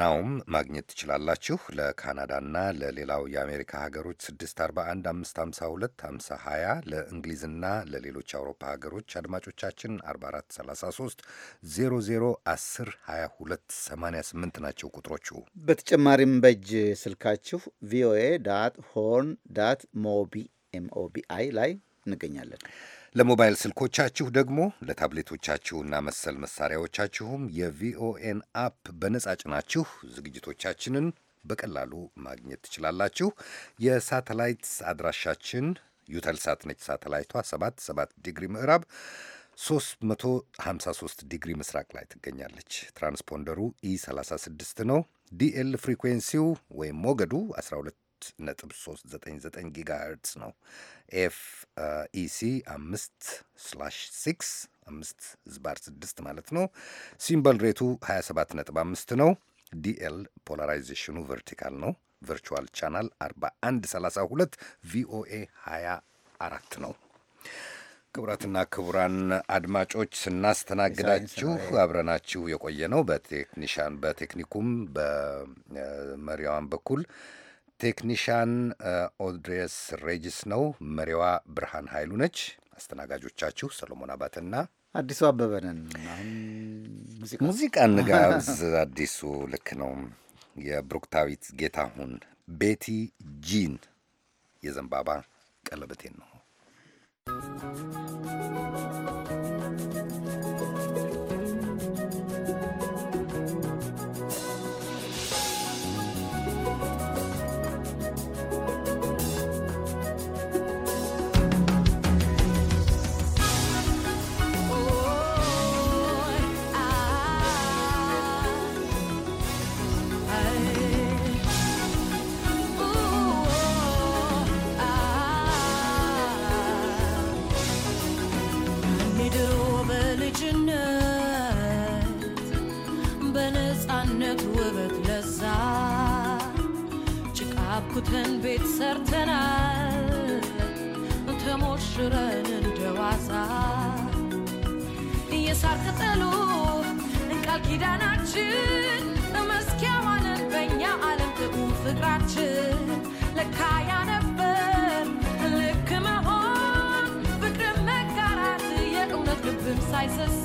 ናውም ማግኘት ትችላላችሁ። ለካናዳና ለሌላው የአሜሪካ ሀገሮች 641 552 520 ለእንግሊዝና ለሌሎች አውሮፓ ሀገሮች አድማጮቻችን 4433 00 10 22 88 ናቸው ቁጥሮቹ። በተጨማሪም በእጅ ስልካችሁ ቪኦኤ ዳት ሆርን ዳት ሞቢ ኤምኦቢአይ ላይ እንገኛለን። ለሞባይል ስልኮቻችሁ ደግሞ ለታብሌቶቻችሁና መሰል መሳሪያዎቻችሁም የቪኦኤን አፕ በነጻ ጭናችሁ ዝግጅቶቻችንን በቀላሉ ማግኘት ትችላላችሁ። የሳተላይት አድራሻችን ዩተልሳት ነች። ሳተላይቷ 77 ዲግሪ ምዕራብ 353 ዲግሪ ምስራቅ ላይ ትገኛለች። ትራንስፖንደሩ ኢ36 ነው። ዲኤል ፍሪኩዌንሲው ወይም ሞገዱ 12 1.399 ጊጋሄርትስ ነው። ኤፍ ኢሲ 5 ስላሽ 6 5 ዝባር 6 ማለት ነው። ሲምበል ሬቱ 27.5 ነው። ዲኤል ፖላራይዜሽኑ ቨርቲካል ነው። ቨርቹዋል ቻናል 4132 ቪኦኤ 24 ነው። ክቡራትና ክቡራን አድማጮች ስናስተናግዳችሁ አብረናችሁ የቆየ ነው። በቴክኒሻን በቴክኒኩም በመሪያዋን በኩል ቴክኒሽያን ኦድሬስ ሬጅስ ነው። መሪዋ ብርሃን ኃይሉ ነች። አስተናጋጆቻችሁ ሰሎሞን አባተና አዲሱ አበበንን ሙዚቃ እንጋብዝ። አዲሱ ልክ ነው። የብሩክታዊት ጌታሁን ቤቲ ጂን የዘንባባ ቀለበቴን ነው። ያልኩትን ቤት ሰርተናል ተሞሽረን እንደዋዛ የሳር ቅጠሉ ቃል ኪዳናችን መስኪያ ዋለን በእኛ ዓለም ጥዑም ፍቅራችን ለካ ያነበር ልክ መሆን ፍቅርን መጋራት የእውነት ልብን ሳይሰስ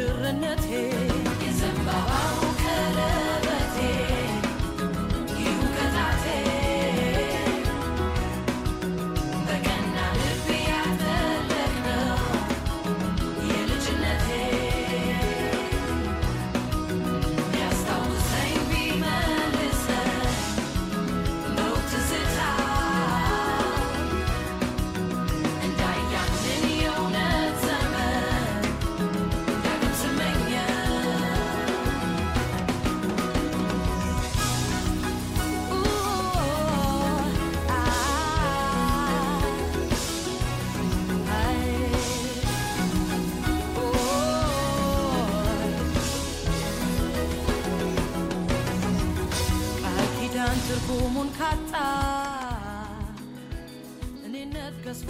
çırrı not here.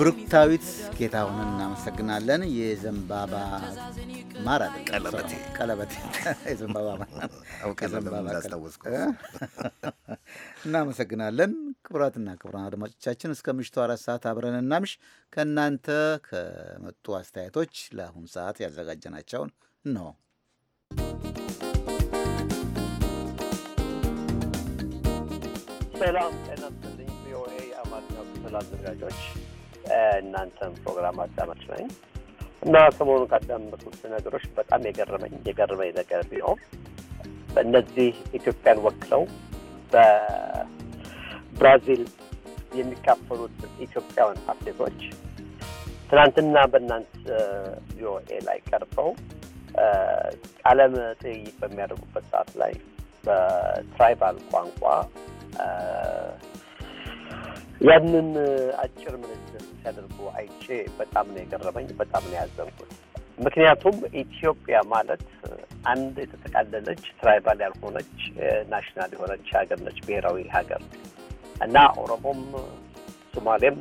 ብሩክታዊት ጌታሁንን እናመሰግናለን። የዘንባባ ማር አለ ቀለበቴ ቀለበቴ የዘንባባ ማር እናመሰግናለን። ክቡራትና ክቡራን አድማጮቻችን እስከ ምሽቱ አራት ሰዓት አብረን እናምሽ። ከእናንተ ከመጡ አስተያየቶች ለአሁን ሰዓት ያዘጋጀናቸውን እንሆ ሰላም ጤና ይስጥልኝ። ቪኦኤ የአማርኛ ክፍል አዘጋጆች እናንተም ፕሮግራም አዳማጭ ነኝ እና ሰሞኑን ካዳመጡት ነገሮች በጣም የገረመኝ የገረመኝ ነገር ቢሆን እነዚህ ኢትዮጵያን ወክለው በብራዚል የሚካፈሉት ኢትዮጵያውያን አትሌቶች ትናንትና በእናንት ቪኦኤ ላይ ቀርበው ቃለም ጥይቅ በሚያደርጉበት ሰዓት ላይ በትራይባል ቋንቋ ያንን አጭር ምንድር ሲያደርጉ አይቼ በጣም ነው የገረመኝ፣ በጣም ነው ያዘንኩት። ምክንያቱም ኢትዮጵያ ማለት አንድ የተጠቃለለች ትራይባል ያልሆነች ናሽናል የሆነች ሀገር ነች፣ ብሔራዊ ሀገር እና ኦሮሞም፣ ሶማሌም፣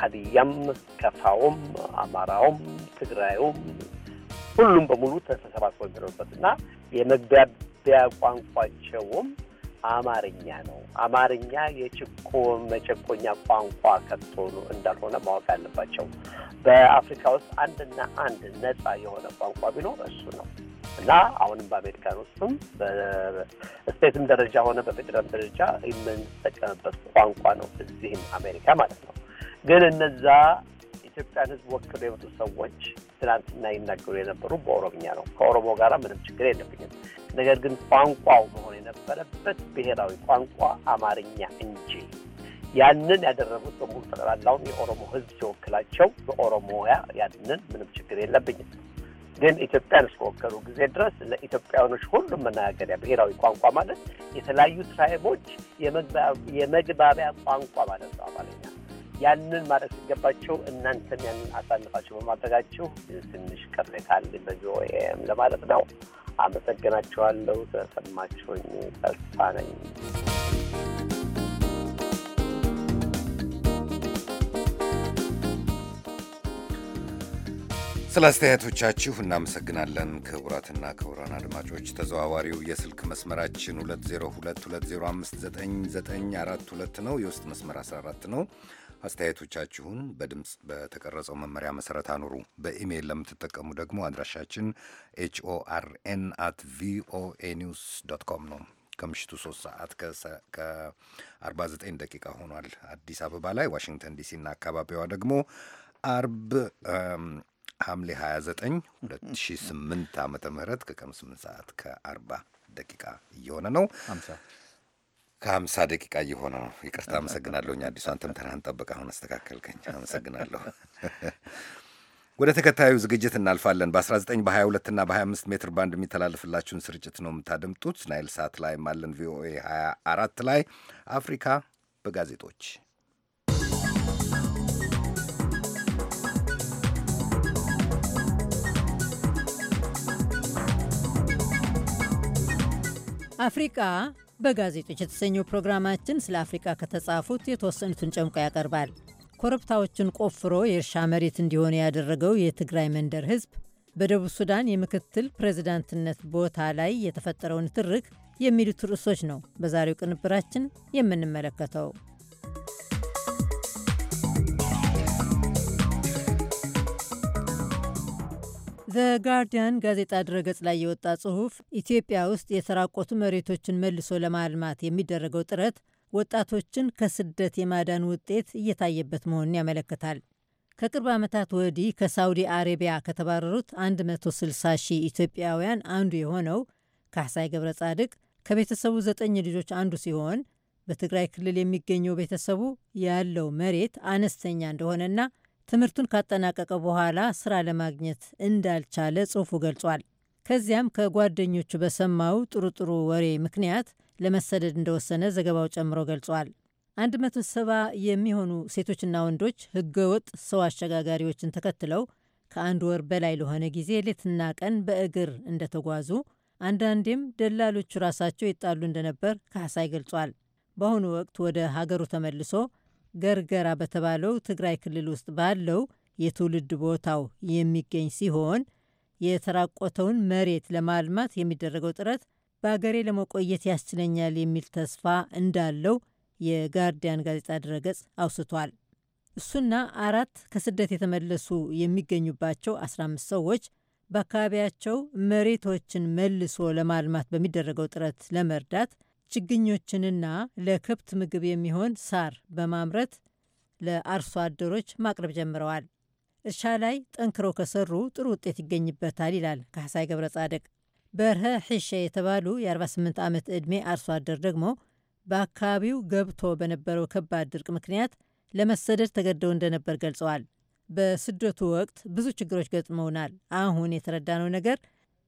ሀዲያም፣ ከፋውም፣ አማራውም፣ ትግራዩም ሁሉም በሙሉ ተሰባስበው የሚኖሩበት እና የመግባቢያ ቋንቋቸውም አማርኛ ነው። አማርኛ የችኮ መጨቆኛ ቋንቋ ከቶ እንዳልሆነ ማወቅ አለባቸው። በአፍሪካ ውስጥ አንድና አንድ ነጻ የሆነ ቋንቋ ቢኖር እሱ ነው እና አሁንም በአሜሪካን ውስጥም በስቴትም ደረጃ ሆነ በፌዴራል ደረጃ የምንጠቀምበት ቋንቋ ነው። እዚህም አሜሪካ ማለት ነው። ግን እነዛ የኢትዮጵያን ሕዝብ ወክለው የመጡ ሰዎች ትናንትና ይናገሩ የነበሩ በኦሮምኛ ነው። ከኦሮሞ ጋር ምንም ችግር የለብኝም። ነገር ግን ቋንቋው መሆን የነበረበት ብሔራዊ ቋንቋ አማርኛ እንጂ ያንን ያደረጉት በሙሉ ጠቅላላውን የኦሮሞ ሕዝብ ሲወክላቸው በኦሮሞያ ያንን ምንም ችግር የለብኝም። ግን ኢትዮጵያን እስከወከሉ ጊዜ ድረስ ለኢትዮጵያውያኖች ሁሉም መነጋገሪያ ብሔራዊ ቋንቋ ማለት የተለያዩ ትራይቦች የመግባቢያ ቋንቋ ማለት ነው አማርኛ። ያንን ማድረግ ሲገባቸው እናንተም ያንን አሳልፋቸው በማድረጋችሁ ትንሽ ቅሬታ አለኝ በቪኦኤም ለማለት ነው። አመሰግናችኋለሁ ስለሰማችሁኝ። ተስፋ ነኝ። ስለ አስተያየቶቻችሁ እናመሰግናለን። ክቡራትና ክቡራን አድማጮች ተዘዋዋሪው የስልክ መስመራችን 2022059942 ነው። የውስጥ መስመር 14 ነው። አስተያየቶቻችሁን በድምፅ በተቀረጸው መመሪያ መሰረት አኑሩ። በኢሜይል ለምትጠቀሙ ደግሞ አድራሻችን ኤችኦአርኤን አት ቪኦኤ ኒውስ ዶት ኮም ነው። ከምሽቱ 3 ሰዓት ከ49 ደቂቃ ሆኗል አዲስ አበባ ላይ። ዋሽንግተን ዲሲና አካባቢዋ ደግሞ አርብ ሐምሌ 29 2008 ዓ ም ከቀኑ 8 ሰዓት ከ40 ደቂቃ እየሆነ ነው። ከሀምሳ ደቂቃ እየሆነ ነው። ይቅርታ እኛ አዲሱ አንተም ተራህን ጠብቅ። አሁን አስተካከልከኝ። አመሰግናለሁ። ወደ ተከታዩ ዝግጅት እናልፋለን። በ19 በ22ና በ25 ሜትር ባንድ የሚተላለፍላችሁን ስርጭት ነው የምታደምጡት። ናይል ሳት ላይ ማለን ቪኦኤ 24 ላይ አፍሪካ በጋዜጦች አፍሪቃ በጋዜጦች የተሰኘው ፕሮግራማችን ስለ አፍሪካ ከተጻፉት የተወሰኑትን ጨምቆ ያቀርባል። ኮረብታዎችን ቆፍሮ የእርሻ መሬት እንዲሆነ ያደረገው የትግራይ መንደር ህዝብ በደቡብ ሱዳን የምክትል ፕሬዚዳንትነት ቦታ ላይ የተፈጠረውን ትርክ የሚሉት ርዕሶች ነው በዛሬው ቅንብራችን የምንመለከተው። ዘ ጋርዲያን ጋዜጣ ድረገጽ ላይ የወጣ ጽሑፍ ኢትዮጵያ ውስጥ የተራቆቱ መሬቶችን መልሶ ለማልማት የሚደረገው ጥረት ወጣቶችን ከስደት የማዳን ውጤት እየታየበት መሆኑን ያመለክታል። ከቅርብ ዓመታት ወዲህ ከሳውዲ አረቢያ ከተባረሩት 160 ሺህ ኢትዮጵያውያን አንዱ የሆነው ካሕሳይ ገብረ ጻድቅ ከቤተሰቡ ዘጠኝ ልጆች አንዱ ሲሆን በትግራይ ክልል የሚገኘው ቤተሰቡ ያለው መሬት አነስተኛ እንደሆነና ትምህርቱን ካጠናቀቀ በኋላ ስራ ለማግኘት እንዳልቻለ ጽሑፉ ገልጿል። ከዚያም ከጓደኞቹ በሰማው ጥሩጥሩ ወሬ ምክንያት ለመሰደድ እንደወሰነ ዘገባው ጨምሮ ገልጿል። 170 የሚሆኑ ሴቶችና ወንዶች ህገወጥ ሰው አሸጋጋሪዎችን ተከትለው ከአንድ ወር በላይ ለሆነ ጊዜ ሌትና ቀን በእግር እንደተጓዙ አንዳንዴም ደላሎቹ ራሳቸው ይጣሉ እንደነበር ካሳይ ገልጿል። በአሁኑ ወቅት ወደ ሀገሩ ተመልሶ ገርገራ በተባለው ትግራይ ክልል ውስጥ ባለው የትውልድ ቦታው የሚገኝ ሲሆን የተራቆተውን መሬት ለማልማት የሚደረገው ጥረት በአገሬ ለመቆየት ያስችለኛል የሚል ተስፋ እንዳለው የጋርዲያን ጋዜጣ ድረገጽ አውስቷል። እሱና አራት ከስደት የተመለሱ የሚገኙባቸው 15 ሰዎች በአካባቢያቸው መሬቶችን መልሶ ለማልማት በሚደረገው ጥረት ለመርዳት ችግኞችንና ለከብት ምግብ የሚሆን ሳር በማምረት ለአርሶ አደሮች ማቅረብ ጀምረዋል። እርሻ ላይ ጠንክረው ከሰሩ ጥሩ ውጤት ይገኝበታል ይላል ካሕሳይ ገብረ ጻድቅ። በርሀ ሒሼ የተባሉ የ48 ዓመት ዕድሜ አርሶ አደር ደግሞ በአካባቢው ገብቶ በነበረው ከባድ ድርቅ ምክንያት ለመሰደድ ተገደው እንደነበር ገልጸዋል። በስደቱ ወቅት ብዙ ችግሮች ገጥመውናል። አሁን የተረዳነው ነገር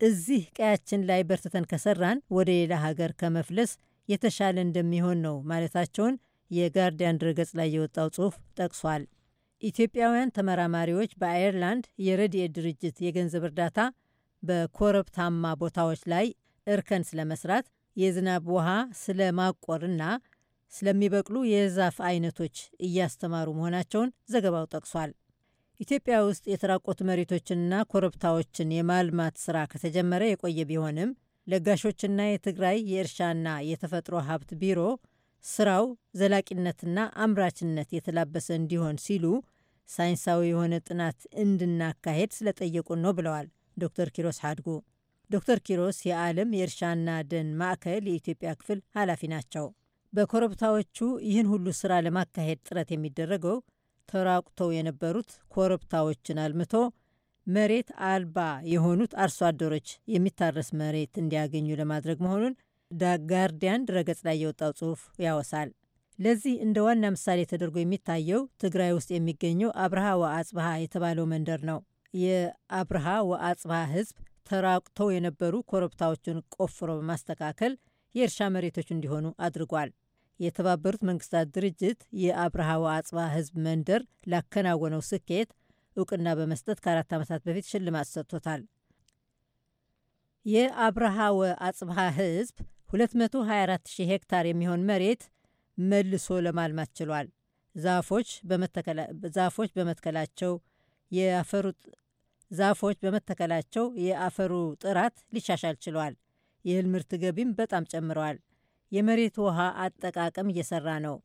እዚህ ቀያችን ላይ በርትተን ከሰራን ወደ ሌላ ሀገር ከመፍለስ የተሻለ እንደሚሆን ነው ማለታቸውን የጋርዲያን ድረገጽ ላይ የወጣው ጽሑፍ ጠቅሷል። ኢትዮጵያውያን ተመራማሪዎች በአየርላንድ የረድኤት ድርጅት የገንዘብ እርዳታ በኮረብታማ ቦታዎች ላይ እርከን ስለመስራት፣ የዝናብ ውሃ ስለማቆርና ስለሚበቅሉ የዛፍ አይነቶች እያስተማሩ መሆናቸውን ዘገባው ጠቅሷል። ኢትዮጵያ ውስጥ የተራቆት መሬቶችንና ኮረብታዎችን የማልማት ስራ ከተጀመረ የቆየ ቢሆንም ለጋሾችና የትግራይ የእርሻና የተፈጥሮ ሀብት ቢሮ ስራው ዘላቂነትና አምራችነት የተላበሰ እንዲሆን ሲሉ ሳይንሳዊ የሆነ ጥናት እንድናካሄድ ስለጠየቁን ነው ብለዋል ዶክተር ኪሮስ አድጉ። ዶክተር ኪሮስ የዓለም የእርሻና ደን ማዕከል የኢትዮጵያ ክፍል ኃላፊ ናቸው። በኮረብታዎቹ ይህን ሁሉ ስራ ለማካሄድ ጥረት የሚደረገው ተራቁተው የነበሩት ኮረብታዎችን አልምቶ መሬት አልባ የሆኑት አርሶ አደሮች የሚታረስ መሬት እንዲያገኙ ለማድረግ መሆኑን ዳጋርዲያን ድረገጽ ላይ የወጣው ጽሑፍ ያወሳል። ለዚህ እንደ ዋና ምሳሌ ተደርጎ የሚታየው ትግራይ ውስጥ የሚገኘው አብርሃ ወአጽብሃ የተባለው መንደር ነው። የአብርሃ ወአጽብሃ ህዝብ ተራቁተው የነበሩ ኮረብታዎችን ቆፍሮ በማስተካከል የእርሻ መሬቶች እንዲሆኑ አድርጓል። የተባበሩት መንግስታት ድርጅት የአብርሃዊ አጽባ ህዝብ መንደር ላከናወነው ስኬት እውቅና በመስጠት ከአራት ዓመታት በፊት ሽልማት ሰጥቶታል። የአብርሃ አጽብሃ ህዝብ 224000 ሄክታር የሚሆን መሬት መልሶ ለማልማት ችሏል። ዛፎች በመትከላቸው የአፈሩ ዛፎች በመተከላቸው የአፈሩ ጥራት ሊሻሻል ችሏል። የእህል ምርት ገቢም በጣም ጨምረዋል። የመሬት ውሃ አጠቃቀም እየሰራ ነው፣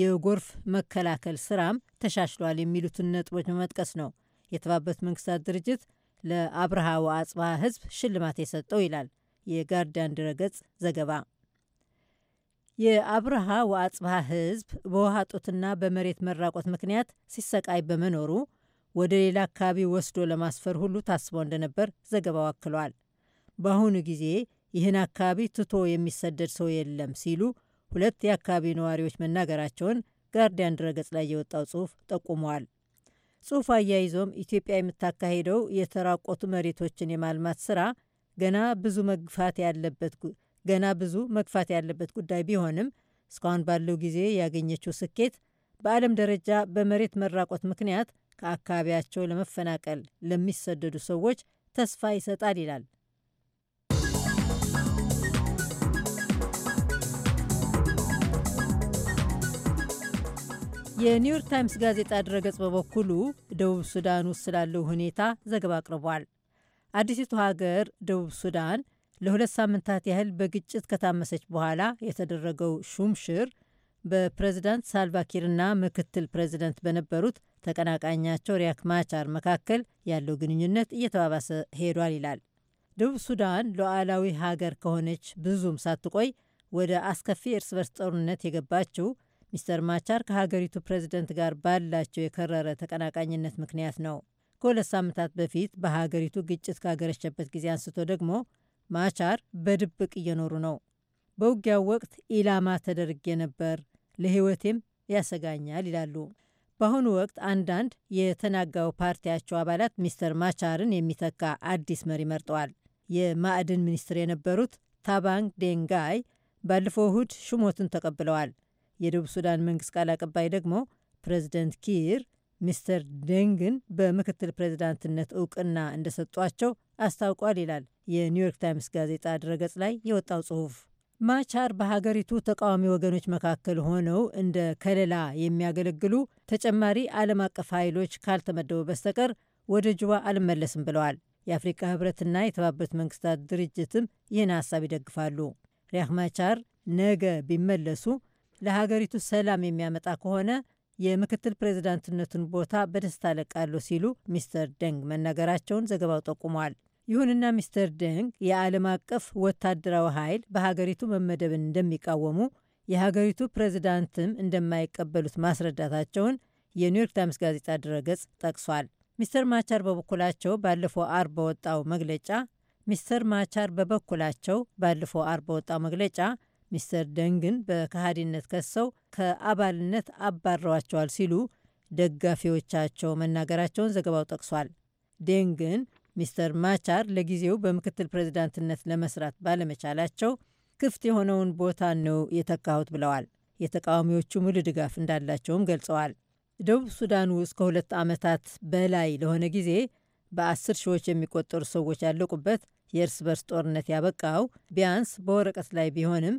የጎርፍ መከላከል ስራም ተሻሽሏል የሚሉትን ነጥቦች በመጥቀስ ነው የተባበሩት መንግስታት ድርጅት ለአብርሃ ወአጽብሃ ህዝብ ሽልማት የሰጠው ይላል የጋርዲያን ድረገጽ ዘገባ። የአብርሃ ወአጽብሃ ህዝብ በውሃ ጦትና በመሬት መራቆት ምክንያት ሲሰቃይ በመኖሩ ወደ ሌላ አካባቢ ወስዶ ለማስፈር ሁሉ ታስቦ እንደነበር ዘገባው አክሏል። በአሁኑ ጊዜ ይህን አካባቢ ትቶ የሚሰደድ ሰው የለም ሲሉ ሁለት የአካባቢ ነዋሪዎች መናገራቸውን ጋርዲያን ድረገጽ ላይ የወጣው ጽሑፍ ጠቁመዋል። ጽሑፍ አያይዞም ኢትዮጵያ የምታካሄደው የተራቆቱ መሬቶችን የማልማት ስራ ገና ብዙ መግፋት ያለበት ገና ብዙ መግፋት ያለበት ጉዳይ ቢሆንም እስካሁን ባለው ጊዜ ያገኘችው ስኬት በዓለም ደረጃ በመሬት መራቆት ምክንያት ከአካባቢያቸው ለመፈናቀል ለሚሰደዱ ሰዎች ተስፋ ይሰጣል ይላል የኒውዮርክ ታይምስ ጋዜጣ ድረገጽ በበኩሉ ደቡብ ሱዳን ውስጥ ስላለው ሁኔታ ዘገባ አቅርቧል። አዲሲቱ ሀገር ደቡብ ሱዳን ለሁለት ሳምንታት ያህል በግጭት ከታመሰች በኋላ የተደረገው ሹምሽር በፕሬዝዳንት ሳልቫኪርና ምክትል ፕሬዝዳንት በነበሩት ተቀናቃኛቸው ሪያክ ማቻር መካከል ያለው ግንኙነት እየተባባሰ ሄዷል ይላል። ደቡብ ሱዳን ሉዓላዊ ሀገር ከሆነች ብዙም ሳትቆይ ወደ አስከፊ እርስ በርስ ጦርነት የገባችው ሚስተር ማቻር ከሀገሪቱ ፕሬዚደንት ጋር ባላቸው የከረረ ተቀናቃኝነት ምክንያት ነው። ከሁለት ሳምንታት በፊት በሀገሪቱ ግጭት ካገረሸበት ጊዜ አንስቶ ደግሞ ማቻር በድብቅ እየኖሩ ነው። በውጊያው ወቅት ኢላማ ተደርጌ ነበር፣ ለሕይወቴም ያሰጋኛል ይላሉ። በአሁኑ ወቅት አንዳንድ የተናጋው ፓርቲያቸው አባላት ሚስተር ማቻርን የሚተካ አዲስ መሪ መርጠዋል። የማዕድን ሚኒስትር የነበሩት ታባንግ ዴንጋይ ባለፈው እሁድ ሹሞቱን ተቀብለዋል። የደቡብ ሱዳን መንግስት ቃል አቀባይ ደግሞ ፕሬዚደንት ኪር ሚስተር ደንግን በምክትል ፕሬዚዳንትነት እውቅና እንደሰጧቸው አስታውቋል ይላል የኒውዮርክ ታይምስ ጋዜጣ ድረገጽ ላይ የወጣው ጽሑፍ። ማቻር በሀገሪቱ ተቃዋሚ ወገኖች መካከል ሆነው እንደ ከለላ የሚያገለግሉ ተጨማሪ ዓለም አቀፍ ኃይሎች ካልተመደቡ በስተቀር ወደ ጁባ አልመለስም ብለዋል። የአፍሪካ ህብረትና የተባበሩት መንግስታት ድርጅትም ይህን ሀሳብ ይደግፋሉ። ሪያክ ማቻር ነገ ቢመለሱ ለሀገሪቱ ሰላም የሚያመጣ ከሆነ የምክትል ፕሬዚዳንትነቱን ቦታ በደስታ ለቃለሁ ሲሉ ሚስተር ደንግ መናገራቸውን ዘገባው ጠቁሟል። ይሁንና ሚስተር ደንግ የዓለም አቀፍ ወታደራዊ ኃይል በሀገሪቱ መመደብን እንደሚቃወሙ የሀገሪቱ ፕሬዚዳንትም እንደማይቀበሉት ማስረዳታቸውን የኒውዮርክ ታይምስ ጋዜጣ ድረገጽ ጠቅሷል። ሚስተር ማቻር በበኩላቸው ባለፈው አርብ በወጣው መግለጫ ሚስተር ማቻር በበኩላቸው ባለፈው አርብ በወጣው መግለጫ ሚስተር ደንግን በካሃዲነት ከሰው ከአባልነት አባረዋቸዋል ሲሉ ደጋፊዎቻቸው መናገራቸውን ዘገባው ጠቅሷል። ደንግን ሚስተር ማቻር ለጊዜው በምክትል ፕሬዚዳንትነት ለመስራት ባለመቻላቸው ክፍት የሆነውን ቦታ ነው የተካሁት ብለዋል። የተቃዋሚዎቹ ሙሉ ድጋፍ እንዳላቸውም ገልጸዋል። ደቡብ ሱዳን ውስጥ ከሁለት ዓመታት በላይ ለሆነ ጊዜ በአስር ሺዎች የሚቆጠሩ ሰዎች ያለቁበት የእርስ በርስ ጦርነት ያበቃው ቢያንስ በወረቀት ላይ ቢሆንም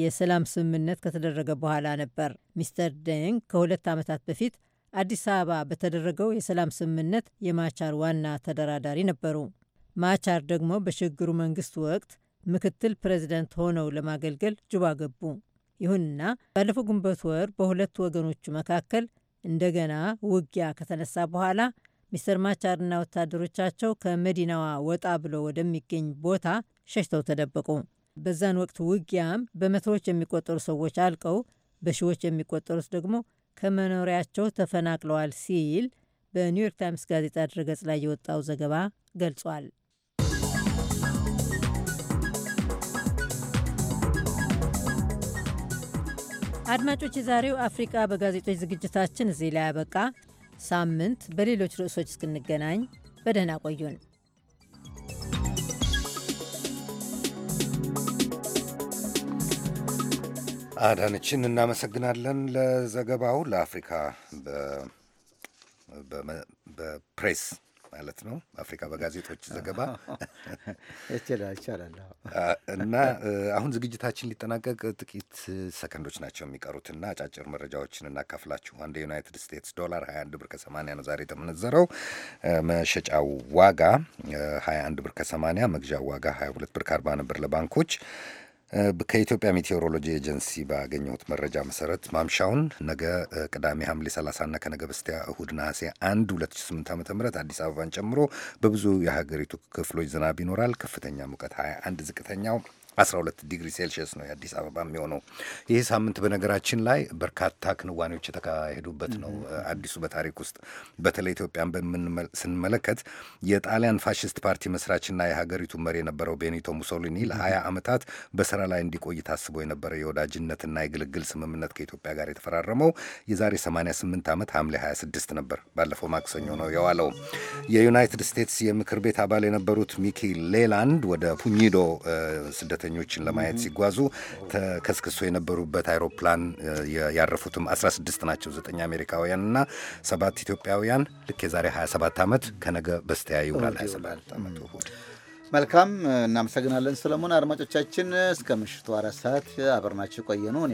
የሰላም ስምምነት ከተደረገ በኋላ ነበር። ሚስተር ደንግ ከሁለት ዓመታት በፊት አዲስ አበባ በተደረገው የሰላም ስምምነት የማቻር ዋና ተደራዳሪ ነበሩ። ማቻር ደግሞ በሽግግሩ መንግስት ወቅት ምክትል ፕሬዚደንት ሆነው ለማገልገል ጁባ ገቡ። ይሁንና ባለፈው ግንቦት ወር በሁለቱ ወገኖቹ መካከል እንደገና ውጊያ ከተነሳ በኋላ ሚስተር ማቻርና ወታደሮቻቸው ከመዲናዋ ወጣ ብሎ ወደሚገኝ ቦታ ሸሽተው ተደበቁ። በዛን ወቅት ውጊያም በመቶዎች የሚቆጠሩ ሰዎች አልቀው በሺዎች የሚቆጠሩት ደግሞ ከመኖሪያቸው ተፈናቅለዋል ሲል በኒውዮርክ ታይምስ ጋዜጣ ድረገጽ ላይ የወጣው ዘገባ ገልጿል። አድማጮች፣ የዛሬው አፍሪቃ በጋዜጦች ዝግጅታችን እዚህ ላይ ያበቃ። ሳምንት በሌሎች ርዕሶች እስክንገናኝ በደህና ቆዩን። አዳነችን እናመሰግናለን ለዘገባው። ለአፍሪካ በፕሬስ ማለት ነው አፍሪካ በጋዜጦች ዘገባ ይቻላል። እና አሁን ዝግጅታችን ሊጠናቀቅ ጥቂት ሰከንዶች ናቸው የሚቀሩት እና አጫጭር መረጃዎችን እናካፍላችሁ። አንድ የዩናይትድ ስቴትስ ዶላር 21 ብር ከ80 ነው ዛሬ የተመነዘረው። መሸጫው ዋጋ 21 ብር ከ80፣ መግዣው ዋጋ 22 ብር ከ40 ነበር ለባንኮች ከኢትዮጵያ ሜቴዎሮሎጂ ኤጀንሲ ባገኘሁት መረጃ መሰረት ማምሻውን ነገ ቅዳሜ ሐምሌ 30ና ከነገ በስቲያ እሁድ ነሐሴ 1 2008 ዓ ም አዲስ አበባን ጨምሮ በብዙ የሀገሪቱ ክፍሎች ዝናብ ይኖራል። ከፍተኛ ሙቀት 21፣ ዝቅተኛው 12 ዲግሪ ሴልሺየስ ነው የአዲስ አበባ የሚሆነው። ይህ ሳምንት በነገራችን ላይ በርካታ ክንዋኔዎች የተካሄዱበት ነው አዲሱ በታሪክ ውስጥ በተለይ ኢትዮጵያን ስንመለከት የጣሊያን ፋሽስት ፓርቲ መስራችና የሀገሪቱ መሪ የነበረው ቤኒቶ ሙሶሊኒ ለ20 ዓመታት በስራ ላይ እንዲቆይ ታስቦ የነበረ የወዳጅነትና የግልግል ስምምነት ከኢትዮጵያ ጋር የተፈራረመው የዛሬ 88 ዓመት ሐምሌ 26 ነበር። ባለፈው ማክሰኞ ነው የዋለው። የዩናይትድ ስቴትስ የምክር ቤት አባል የነበሩት ሚኪ ሌላንድ ወደ ፑኝዶ ስደተ ስደተኞችን ለማየት ሲጓዙ ተከስክሶ የነበሩበት አይሮፕላን ያረፉትም 16 ናቸው። ዘጠኝ አሜሪካውያንና ሰባት ኢትዮጵያውያን ልክ የዛሬ 27 ዓመት ከነገ በስቲያ ይውላል 27 ዓመት እሑድ። መልካም እናመሰግናለን ሰለሞን። አድማጮቻችን እስከ ምሽቱ አራት ሰዓት አብረናችሁ ቆየኑ።